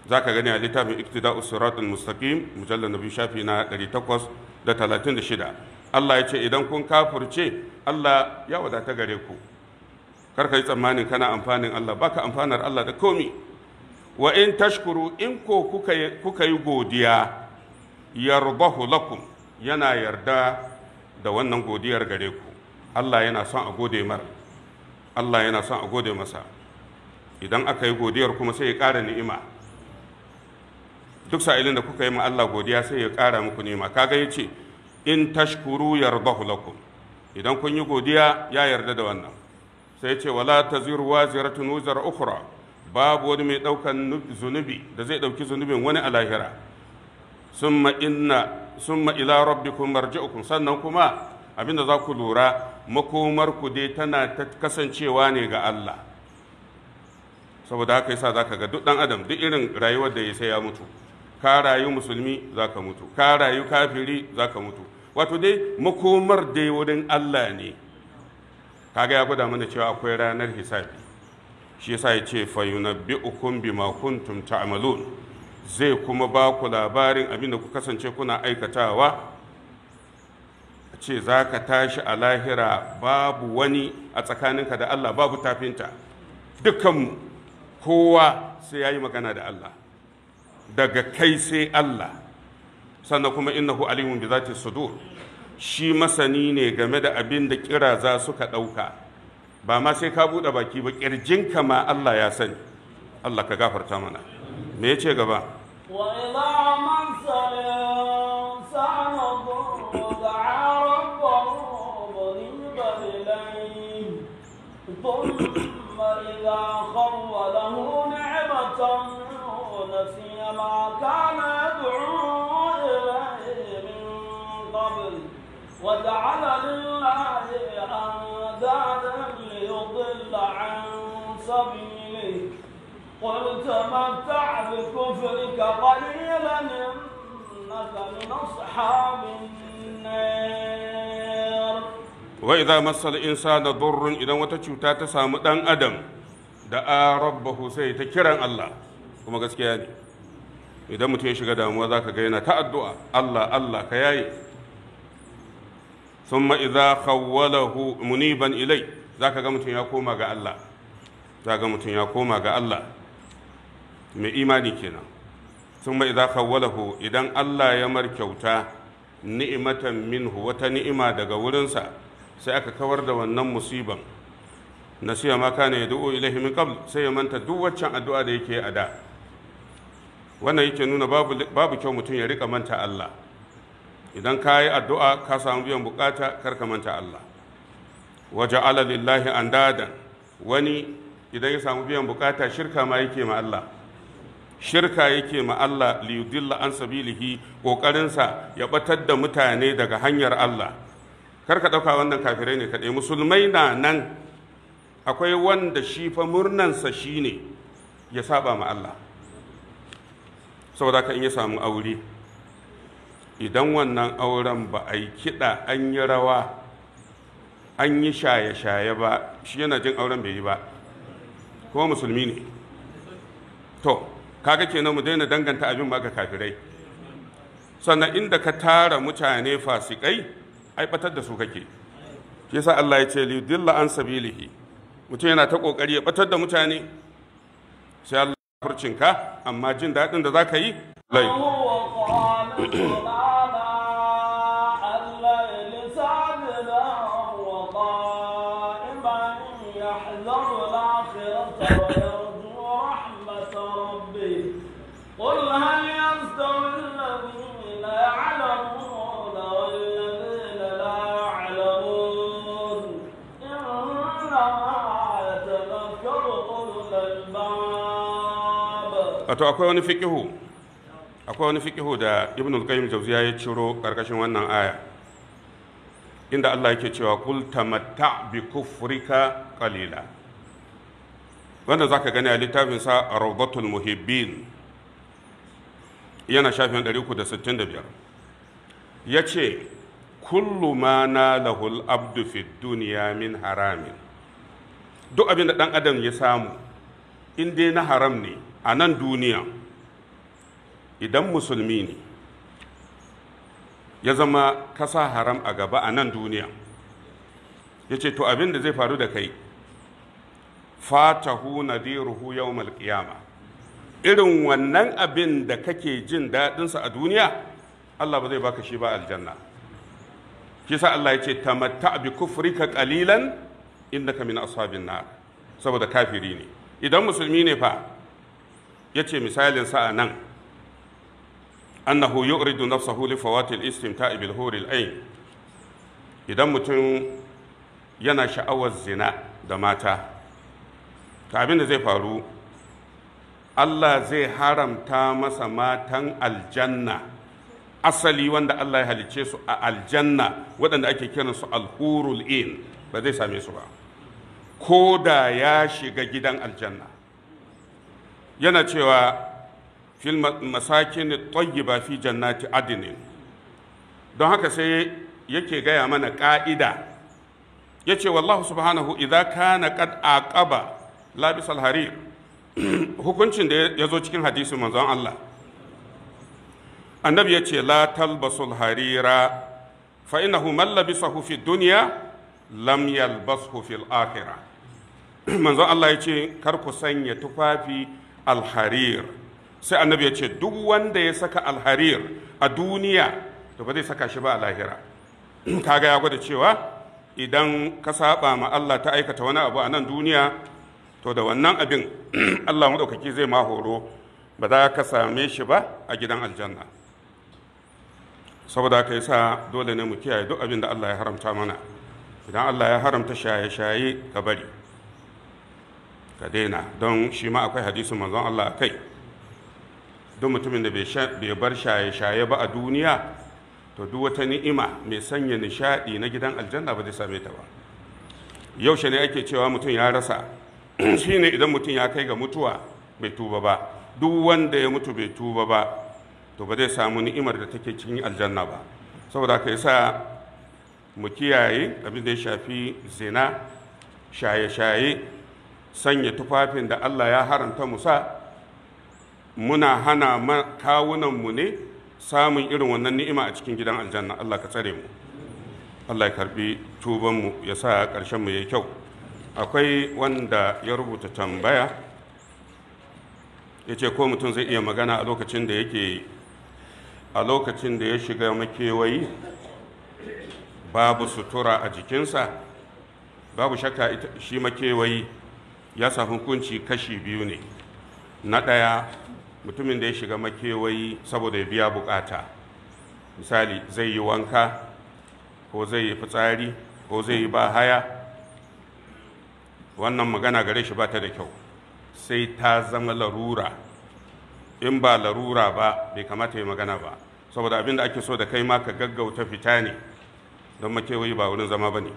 za ka gani a littafin iktida'us siratul mustaqim mujallar nabi shafi na 836 Allah ya ce idan kun kafurce Allah ya wadata gare ku kar ka yi tsammanin kana amfanin Allah baka amfanar Allah da komi wa in tashkuru in ko kuka yi godiya yardahu lakum yana yarda da wannan godiyar gare ku Allah yana son a gode mar Allah yana son a gode masa idan aka yi godiyar kuma sai ya ƙara ni'ima duk sa'ilin da kuka yi ma Allah godiya sai ya ƙara muku nema kaga ya ce in tashkuru yardahu lakum idan kun yi godiya ya yarda da wannan sai ce wala taziru ziratun wuzar ukhra babu wani mai daukan zunubi da zai ɗauki zunubin wani a lahira summa inna summa ila rabbikum marji'ukum sannan kuma abin da za ku lura makomar ku dai tana ta kasancewa ne ga Allah saboda haka yasa zaka ga duk dan adam duk irin rayuwar da ya sai ya mutu ka rayu musulmi za ka mutu ka rayu kafiri za ka mutu wato dai makomar dai wurin allah ne kaga ya gwada mana cewa akwai ranar hisabi shi yasa ya ce fayunabbi'ukum bima kuntum ta'malun zai kuma ba ku labarin abinda ku kasance kuna aikatawa A ce za ka tashi a lahira babu wani a tsakaninka da Allah babu tafinta dukkanmu kowa sai ya yi magana da Allah daga kai sai Allah sannan kuma innahu alimun bi zati sudur shi masani ne game da abin da su suka ɗauka ba ma sai ka buɗe baki ba ƙirjinka ma Allah ya sani Allah ka gafarta mana me ya ce gaba ثم إذا خوله نعمة نسيت ما كان يدعو إليه من قبل وجعل لله أندادا ليضل عن سبيله قل تمتع بكفرك قليلا إنك من أصحاب النار وإذا مس الإنسان ضر إذا وتشوتا تسامد أن أدم da'a rabbahu sai ta kiran Allah kuma gaskiya ne idan mutum ya shiga damuwa za ka ga yana ta addu'a Allah Allah ka yaye sun ma'iza khawwalahu muniban ilai za ka ga mutum ya koma ga Allah za ga mutum ya koma ga Allah mai imani kenan sun ma'iza khawwalahu idan Allah ya mar kyauta ni'imatan minhu wata ni'ima daga wurinsa sai aka kawar da wannan musiban nasiya ma kana ya du'o ilaihi min qabl sai ya manta duk waccan addu'a da yake a da wannan yake nuna babu kyau mutum ya rika manta Allah idan ka yi addu'a ka samu biyan bukata kar ka manta Allah waje lillahi andadan wani idan ya samu biyan bukata shirka ma yake ma Allah shirka yake ma Allah liyudilla an sabilihi kokarinsa ya batar da mutane daga hanyar Allah kar ka ɗauka wannan kafirai ne kaɗai musulmai na nan akwai wanda shi fa murnansa shine ya saba ma Allah saboda ka in ya samu aure idan wannan auren ba a yi kiɗa an yi rawa an yi shaye-shaye ba shi yana jin auren bai yi ba kuma musulmi ne to kaga kenan mu daina danganta abin ba ga kafirai sannan inda ka tara mutane fasikai ai batar da su kake shi yasa Allah ya ce dilla an sabilihi mutum yana ta kokari ya batar da mutane sai furcinka amma jin daɗin da za ka yi lai Thank you. wato akwai wani fikihu akwai wani fikihu da ibn al-qayyim jawziya ya ciro karkashin wannan aya inda Allah yake cewa kul tamatta bi kufrika qalila wanda zaka gani a littafin sa rawdatul muhibbin yana shafin 365 yace kullu ma nalahu al-abdu fi dunya min haramin duk abin da dan adam ya samu in dai na haram ne a nan duniya idan musulmi ne ya zama kasa haram a gaba a nan duniya ya ce to abin da zai faru da kai fatahu nadiruhu yawmal qiyama irin wannan abin da kake jin daɗinsa a duniya Allah ba zai baka shi ba aljanna kisa sa Allah ya ce tamatta bi kufrika qalilan innaka min ashabin nar saboda kafiri ne idan musulmi ne fa ya ce misalin sa'a nan annahu yu'ridu nafsahu li fawatil istimta'i bil huril ain idan mutum yana sha'awar zina da mata ta abin da zai faru Allah zai haramta masa matan aljanna asali wanda Allah ya halice su a aljanna waɗanda ake kiran su alhurul in ba zai same su ba ko da ya shiga gidan aljanna yana cewa fil masakin tayyiba fi jannati adinin don haka sai yake gaya mana ka'ida yace wallahu subhanahu idza kana qad aqaba labisal harir hukuncin da ya zo cikin hadisin manzon Allah annabi ya ce la talbasul harira fa innahu man labisahu fi dunya lam yalbashu fil akhirah manzon Allah ya ce kar ku sanya tufafi alharir sai annabi ya ce duk wanda ya saka alharir a duniya to ba zai saka shi ba a lahira kaga ya gwada cewa idan ka saba ma Allah ta aikata wani abu a nan duniya to da wannan abin Allah maɗaukaki zai ma horo ba za ka same shi ba a gidan aljanna saboda ka yasa dole ne mu kiyaye duk abin da Allah ya haramta mana idan Allah ya haramta shaye-shaye ka bari ka daina don shi ma akwai hadisin manzon Allah a kai duk mutumin da bai bar shaye-shaye ba a duniya to duk wata ni'ima mai sanya nishadi na gidan aljanna ba zai same ta ba yaushe ne ake cewa mutum ya rasa shi ne idan mutum ya kai ga mutuwa bai tuba ba duk wanda ya mutu bai tuba ba to ba zai samu ni'imar da take cikin aljanna ba saboda ka yasa mu kiyaye abin da ya shafi zina shaye-shaye sanya tufafin da Allah ya haranta musa muna hana kawunanmu ne samun irin wannan ni'ima a cikin gidan aljanna Allah ka tsare mu Allah ya karbi tubanmu ya sa ƙarshenmu ya yi kyau akwai wanda ya rubuta tambaya ya ce ko mutum zai iya magana a lokacin da yake a lokacin da ya shiga makewayi babu sutura a jikinsa babu shakka shi makewayi ya sa hukunci kashi biyu ne na ɗaya mutumin da ya shiga makewayi saboda ya biya bukata misali zai yi wanka ko zai yi fitsari ko zai yi ba haya wannan magana gare shi ba ta da kyau sai ta zama larura in ba larura ba bai kamata yi magana ba saboda abin da ake so da kai ma ka gaggauta fita ne don makewayi ba wurin zama ba ne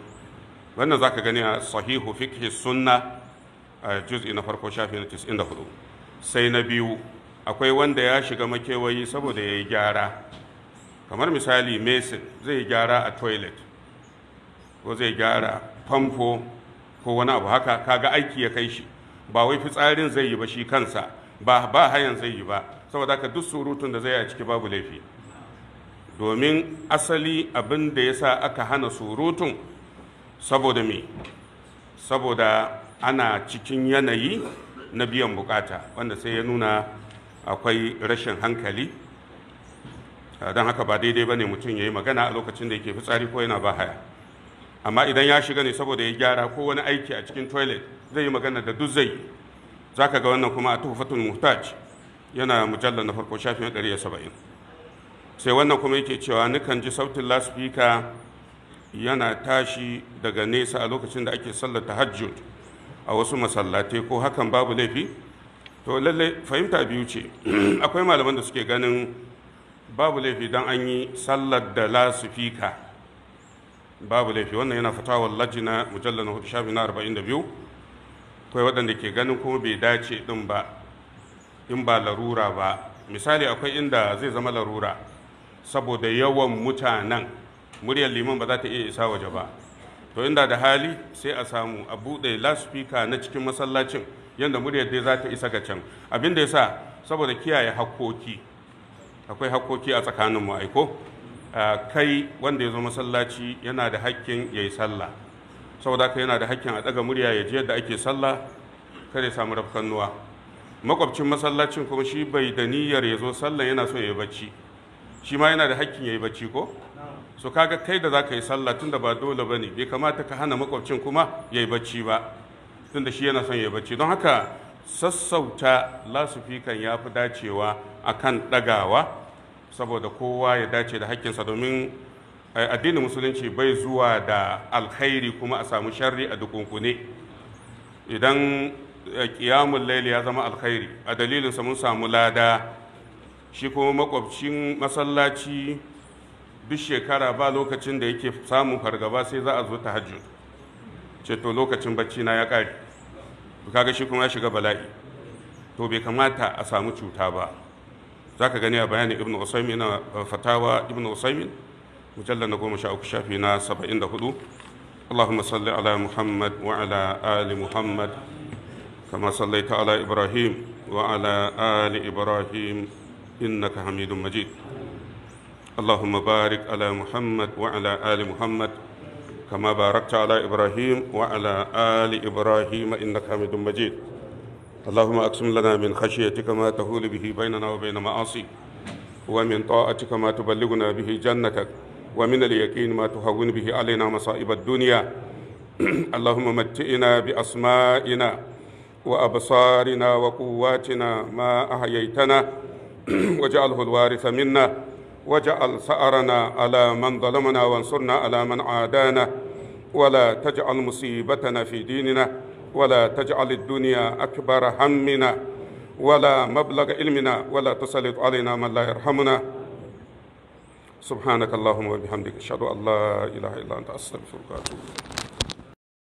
wannan za ka gani a sahihu fikhi sunna a juz'i na farko shafi na 94 sai na biyu akwai wanda ya shiga makewayi saboda ya yi gyara kamar misali mason zai gyara a toilet ko zai gyara famfo ko wani abu haka kaga aiki ya kai shi ba wai fitsarin zai yi ba shi kansa ba ba hayan zai yi ba saboda haka duk surutun da zai a ciki babu laifi domin asali abin da ya sa aka hana surutun saboda me saboda ana cikin yanayi na biyan bukata wanda sai ya nuna akwai rashin hankali ah, don haka ba daidai ba ne mutum ya yi magana a lokacin da yake fitsari ko yana ba haya amma idan ya shiga ne saboda ya gyara ko wani aiki a cikin toilet zai yi magana da duk zai za ka ga wannan kuma a tuhufatul muhtaj yana mujallar na farko shafin 170 sai wannan kuma yake cewa nukan ji sautin lasfika yana tashi daga nesa a lokacin da ake sallar tahajjud a wasu masallatai ko hakan babu laifi to lallai fahimta biyu ce akwai malaman da suke ganin babu laifi don an yi sallar da lasifika babu laifi wannan yana fatawar lajina mujallar na hudu shafi na arba'in da biyu akwai waɗanda ke ganin kuma bai dace ɗin ba in ba larura ba misali akwai inda zai zama larura saboda yawan mutanen muryar liman ba za ta iya isa waje ba to inda da hali sai a samu a buɗe laspika na cikin masallacin yadda muryar dai za ta isa ga can abin da ya sa saboda kiyaye hakkoki akwai hakkoki a tsakanin ma'aiko, kai wanda ya zo masallaci yana da hakkin ya yi sallah saboda ka yana da hakkin a ɗaga murya ya ji yadda ake sallah kada ya samu rafkannuwa makwabcin masallacin kuma shi bai da niyyar ya zo sallah yana so ya yi bacci shi ma yana da hakkin ya yi bacci ko so kaga kai da za ka yi sallah tun da ba dole ba ne bai kamata ka hana makwabcin kuma ya yi bacci ba tunda shi yana son ya yi bacci don haka sassauta lasufikan ya fi dacewa a kan ɗagawa saboda kowa ya dace da hakkinsa domin eh, addinin musulunci bai zuwa da alkhairi kuma a samu sharri a dukunkune idan ƙiyamun eh, laili ya zama alkhairi a dalilinsa mun samu lada shi kuma makwabcin masallaci duk shekara ba lokacin da yake samun fargaba sai za a zo tahajjud ce to lokacin bacci na ya kare. kaga shi kuma ya shiga bala'i to bai kamata a samu cuta ba za ka gani a bayanin ibn usaimin na fatawa ibn usaimin mujallar na goma sha uku shafi na saba'in da hudu اللهم صل على محمد وعلى آل محمد كما صليت على إبراهيم وعلى آل إبراهيم إنك حميد مجيد اللهم بارك على محمد وعلى آل محمد كما باركت على إبراهيم وعلى آل إبراهيم إنك حميد مجيد اللهم أقسم لنا من خشيتك ما تهول به بيننا وبين معاصيك ومن طاعتك ما تبلغنا به جنتك ومن اليقين ما تهون به علينا مصائب الدنيا اللهم متئنا بأسمائنا وأبصارنا وقواتنا ما أحييتنا واجعله الوارث منا واجعل ثأرنا على من ظلمنا وانصرنا على من عادانا ولا تجعل مصيبتنا في ديننا ولا تجعل الدنيا أكبر همنا ولا مبلغ علمنا ولا تسلط علينا من لا يرحمنا سبحانك اللهم وبحمدك أشهد أن لا إله إلا أنت أستغفرك وأتوب إليك